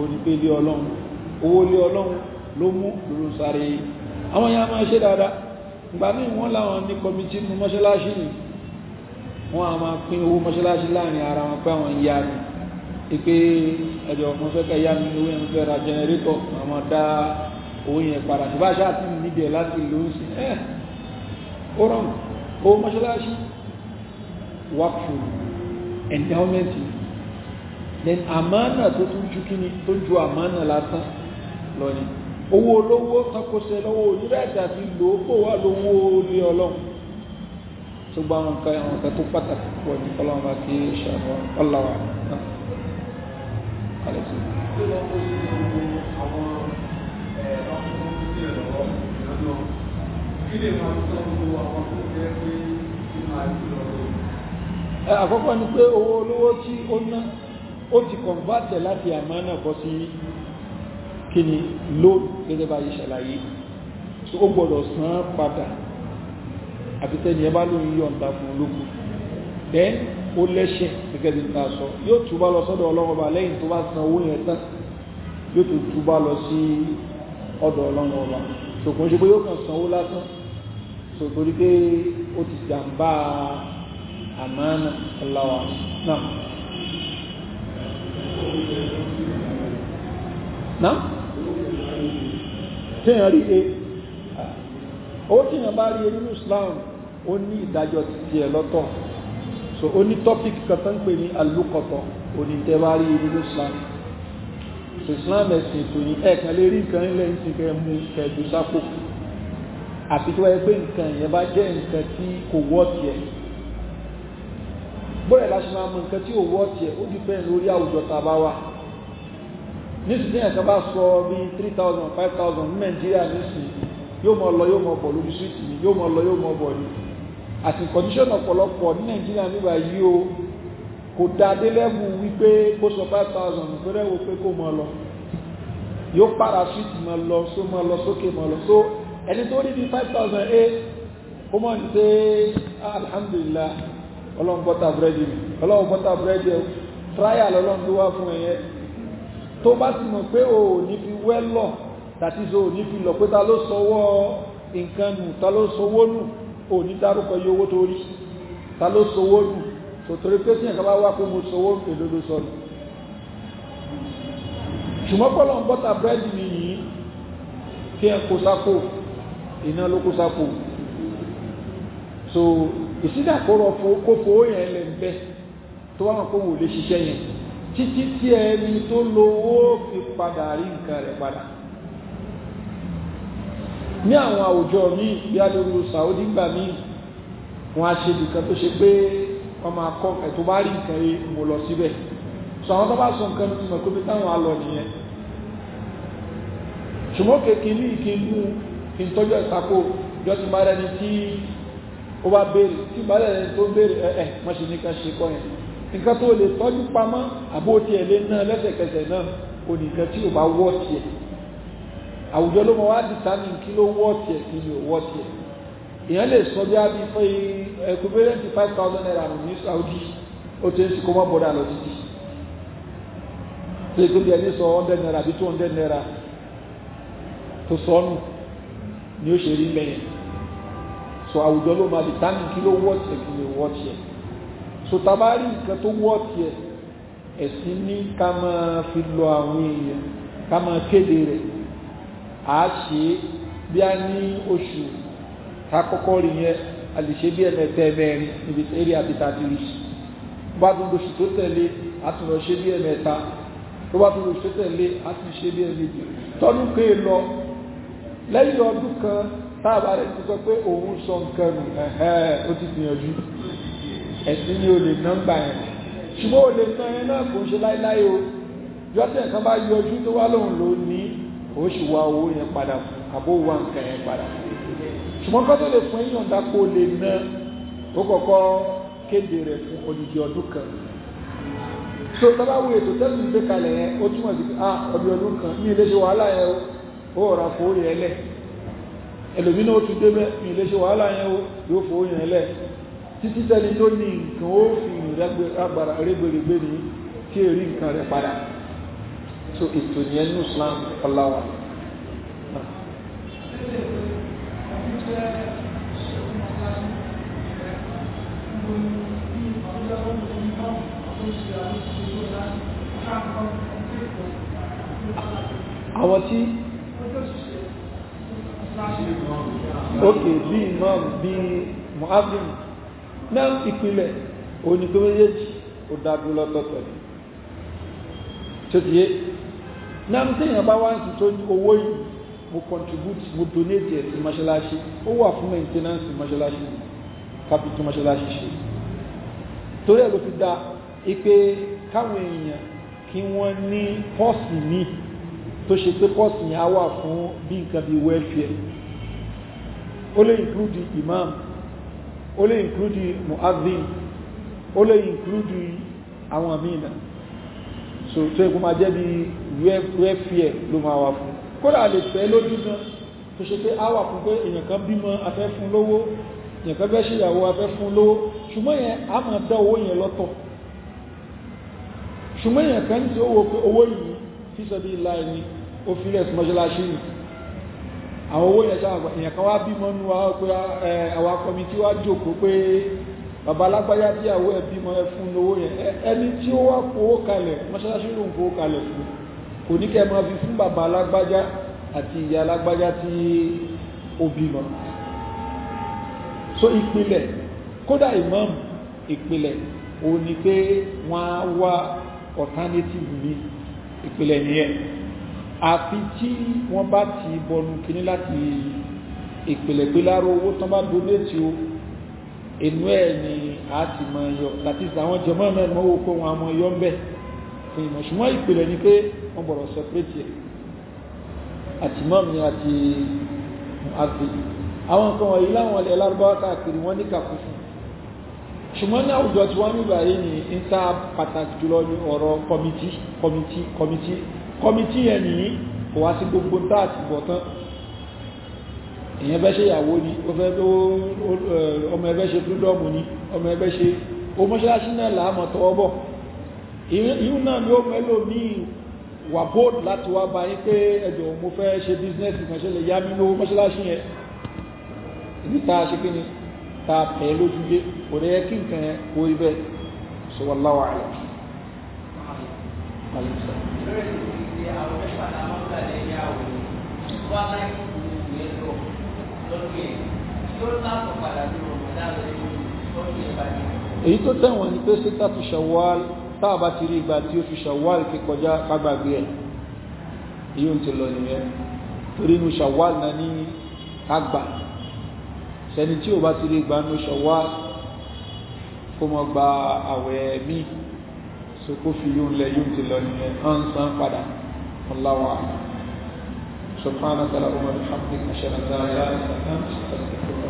onípe ilé ọlọ́run owó ilé ọlọ́run ló mú lóru sáré àwọn yẹn a máa ṣe dáadáa ìgbà míì wọ́n ní kọmitì nínú ni wọ́n a máa pín owó mọ́ṣáláṣí láàrin ara wọn pé àwọn ìyá ni ike ẹjọ mo fẹ́ kẹ́ yá mi owó yẹn mo fẹ́ ra jẹnẹrétọ̀ àmọ́ dá owó yẹn padà tí bá ṣáà ti níbi ẹ̀ láti lò ó sí ẹ́ ó rọrùn owó mọ́ṣáláṣí wákùú endowment then àmánà tó tún ju kíni tó ju àmánà lásán lọ ni owó olówó takosẹ lọ́wọ́ onírẹ́ẹ̀dì àti lò ó kò wá lówó olè ọlọ́run tó gbá wọn kan àwọn kan tó pàtàkì pọ̀ ní kọ́lọ́mà kí ṣàwọn ọlọ́wà àkọ́kọ́ ni pé owó olówó tí ó ná ó ti kọ̀nbátẹ̀ láti àmánà bọ́ sí kíni lóòrùn gẹ́gẹ́ bá yìí ṣàlàyé tó ó gbọ́dọ̀ san padà àti tẹ́ni ẹ bá lóyún fún olókùn then ó lẹ́ṣẹ̀ gẹ́gẹ́ bí ta sọ yóò túbá lọ sọ́dọ̀ ọlọ́run ọba lẹ́yìn tó bá san owó yẹn tán yóò tó túbá lọ sí ọ̀dọ̀ ọlọ́run ọba ṣùgbọ́n ṣe pé yóò kàn sanwó lásán so torí pé ó ti jàǹbá àmánà ọláwà náà. náà téèyàn rí e ah, ó téèyàn bá rí e nínú Islam ó ní ìdájọ́ títí ẹ̀ lọ́tọ̀ so ó ní topic kan tó ń pè ní alukọtọ onítẹ̀wárí nínú islam so islam ẹ̀sìn ètò yìí ẹ̀ẹ̀kan lè rí nǹkan ilẹ̀ ń sìnkẹ́ mú kẹjù sápò àti tó wáyé pé nǹkan yẹn bá jẹ́ nǹkan tí kò wọ́ tiẹ̀ bóyá láti máa mọ nǹkan tí ò wọ́ tiẹ̀ ó di pẹ́ lórí àwùjọ tá a bá wà nísìnyí ẹ̀kan bá sọ bí three thousand five thousand ní nàìjíríà nísìnyí yóò mọ lọ yóò mọ bọ̀ lórí síìtì yóò mọ lọ yóò mọ bọ̀ yìí àti condition ọ̀pọ̀lọpọ̀ ní nàìjíríà nígbà yìí o kò dáadé lẹ́bù wípé kó sọ 5000 pé rẹ́wò pé kó mọ́ lọ yóò parachute mọ́ lọ só mọ́ lọ sókè mọ́ lọ so ẹni tó rí bí 5000 a ó mọ̀ ní pé ah, alhamdulillah ọlọ́run bọ́tà búrẹ́dì mi ọlọ́run bọ́tà búrẹ́dì ẹ trial ọlọ́run tó wá fún ẹyẹ tó bá ti mọ̀ pé o ò ní fi wẹ́ lọ tàbí o ò ní fi lọ pé ta ló sọwọ́ nǹkan nù ta ló sọwọ́ nù ò ní dárúkọ yí owó tó rí ta ló sowó nù sòtòrí pé tí ẹ̀kọ́ bá wá pé mo sowó èlò ló sọ nù ṣùgbọ́n pọ́lọ̀ ń bọ́ta búrẹ́dì mi so ìsídàkọ́rọ̀ kó fowó yẹn lẹ̀ ń bẹ́ tó wá wọn kó wò lè ṣiṣẹ́ yẹn títí tí ẹni tó lówó fi padà rí nǹkan rẹ̀ padà ní àwọn àwùjọ míì bí a lóru Saudi gbà míì wọn a ṣe nìkan tó ṣe pé wọn máa kọ ẹ tó bá rí nǹkan yìí mo lọ síbẹ̀ sọ àwọn tó bá sọ nǹkan tó mọ̀ pé táwọn á lọ nìyẹn ṣùgbọ́n kékeré kí n mú kí n tọ́jú ìsàkó jọ ti máa rẹni tí ó bá béèrè tí bá rẹni tó béèrè ẹ̀ẹ́ wọ́n ṣe ní ṣe kọ́ yẹn nǹkan tó lè tọ́jú pamọ́ àbó náà lẹ́sẹ̀kẹsẹ̀ náà kò nìkan tí ò bá wọ́ tiẹ̀ àwùjọ ló mọ wá dìtàmì kí ló wọ́ tiẹ̀ kí ló wọ́ tiẹ̀ èèyàn lè sọ bí abí fún equivalent five thousand naira ní Saudi ó ti ń sìnkú mọ́ bọ́dà lọ títí tó ìgbésí ẹni sọ hundred naira àbí two naira tó sọnù ni ó ṣe rí mẹ́yìn so àwùjọ ló máa dìtàmì kí ló wọ́ tiẹ̀ kí ló wọ́ tiẹ̀ so tabari nǹkan tó wọ́ tiẹ̀ ẹ̀sìn ní ká máa fi lọ àwọn èèyàn ká máa kéde rẹ̀ a ṣe bí a ní oṣù takọ́kọ́ rí yẹn a lè ṣe bí ẹ̀mẹ́tẹ́ mẹ́rin níbi eré àbíta ti rí bá tún oṣù tó tẹ̀lé a tún lọ ṣe bí ẹ̀mẹ́ta tó bá tún oṣù tó tẹ̀lé a tún ṣe bí ẹ̀mẹ́jì tọ́dún pé lọ lẹ́yìn ọdún kan táàbà rẹ̀ ti sọ pé òun sọ nǹkan nù ó ti gbìyànjú ẹ̀sìn ni o lè nọ́mbà yẹn ṣùgbọ́n o lè tán ẹ náà kò ń ṣe láíláí o yọ́tẹ̀ kan bá yọjú tó wá lóun ló ní ó sì wá owó yẹn padà fún àbó wá nǹkan yẹn padà fún ṣùgbọ́n kọ́ tó lè fún èèyàn dápò lè ná ó kọ́kọ́ kéde rẹ̀ fún odidi ọdún kan so tọ́láwó ètò tẹ́sí ń gbé kalẹ̀ yẹn ó túmọ̀ sí pé ah ọdún ọdún kan ní ilé ṣe wàhálà yẹn ó rọra fowó yẹn lẹ̀ ẹlòmínà ó tún débẹ̀ ní ilé ṣe wàhálà yẹn ó yóò fowó yẹn lẹ̀ títí tẹ́ni tó ní nǹkan ó fi rẹ́gbẹ̀rẹ̀gbẹ̀ ní kí èrí nǹkan rẹ̀ padà so ètò ìyẹn ní Islam ọláwà àwọn tí ok bí imam bí muhammed náà ìpìlẹ̀ onígbéméjèèjì ó dájú lọ́tọ̀ọ̀tọ̀ ni ṣé ti yé náà téèyàn bá wá ń sì tó owó yìí mo contribute mo donate ẹ̀ sí mọ́ṣáláṣí ó wà fún maintenance mọ́ṣáláṣí capital mọ́ṣáláṣí ṣe torí ẹ̀ ló fi dá ipe káwọn èèyàn kí wọ́n ní pọ́ọ̀sì míì tó ṣe pé pọ́ọ̀sì yẹn wà fún bí nǹkan bíi welfare ó lè include imam ó lè include muazzin ó lè include àwọn mìíràn so tó ẹkùn máa jẹ́ bí wẹ́fíẹ̀ ló máa wà fún kódà lè fẹ́ lójú gan tó ṣe pé a wà fún pé èèyàn kan bímọ afẹ́ fún lówó èèyàn kan fẹ́ ṣe ìyàwó afẹ́ fún lówó ṣùgbọ́n yẹn a máa dá owó yẹn lọ́tọ̀ ṣùgbọ́n èèyàn kan tí bàbá alágbáyá tí àwọ ẹbí mọ́ ẹfún lówó yẹn ẹni tí ó wá fowó kalẹ̀ mọ́ṣáláṣí ló ń fowó kalẹ̀ fún kò ní kẹ́ máa fi fún bàbá àti ìyá alágbájá tí ó bímọ so ìpìlẹ̀ kódà imam ìpìlẹ̀ ó ní pé wọ́n á wá alternative ní ìpìlẹ̀ nìyẹn àfi tí wọ́n bá ti bọnu kínní láti ìpìlẹ̀ pé láró owó tán bá donate o inú ẹ̀ ni a ti mọ ẹyọ láti ṣe àwọn jọmọ́ náà ni wọ́n wò pé wọn àmọ́ ẹyọ ń bẹ̀ fún ìmọ̀ ṣùgbọ́n ìpìlẹ̀ ni pé wọ́n gbọ́dọ̀ separate ẹ̀ àti mọ́mí àti àti àwọn nǹkan wọ̀nyí láwọn ilẹ̀ lárúbáwá káàkiri wọ́n ní kàkú fún ṣùgbọ́n ní àwùjọ tí wọ́n ní báyìí ni ń ta pàtàkì jùlọ ní ọ̀rọ̀ kọmití kọmití kọmití kọmití yẹn nìyí kò wá sí gbogbo táàtì bọ̀tán èyàn fẹ́ ṣe ìyàwó ni ọmọ ẹgbẹ́ ṣe fúdọ́mù ni ọmọ ẹgbẹ́ ṣe ó mọ́ṣáláṣí náà láàmọ̀ tọwọ́ bọ̀ ìhun náà ni ó mẹ́lò ní wà bóòdù láti wá bá yín pé ẹjọ́ mo fẹ́ ṣe bísínẹ́sì mọ̀ṣẹ́ lè yá mi lówó mọ́ṣáláṣí yẹn ibi tá a ṣe kí ni tá a pẹ̀ lójú dé kò rẹ̀ kí nǹkan yẹn kó ibẹ̀ sọ wà láwà rẹ̀. Thank you èyí tó tẹ̀wọ̀n ni pé síta tu ṣàwọ́l táàbá ti rí ìgbà tí ó fi ṣàwọ́l kí kọjá kágbàgbé ẹ̀ yíò ti lọ nìyẹn torí inú ṣàwọ́l náà ní kágbà sẹni tí ó bá ti rí ìgbà inú ṣàwọ́l kó mọ́ gba àwẹ̀ míì so kó fi yóò lẹ yóò ti lọ nìyẹn ọ̀n san padà ọláwà سبحانك اللهم بحمدك نشهد ان لا اله الا انت استغفرك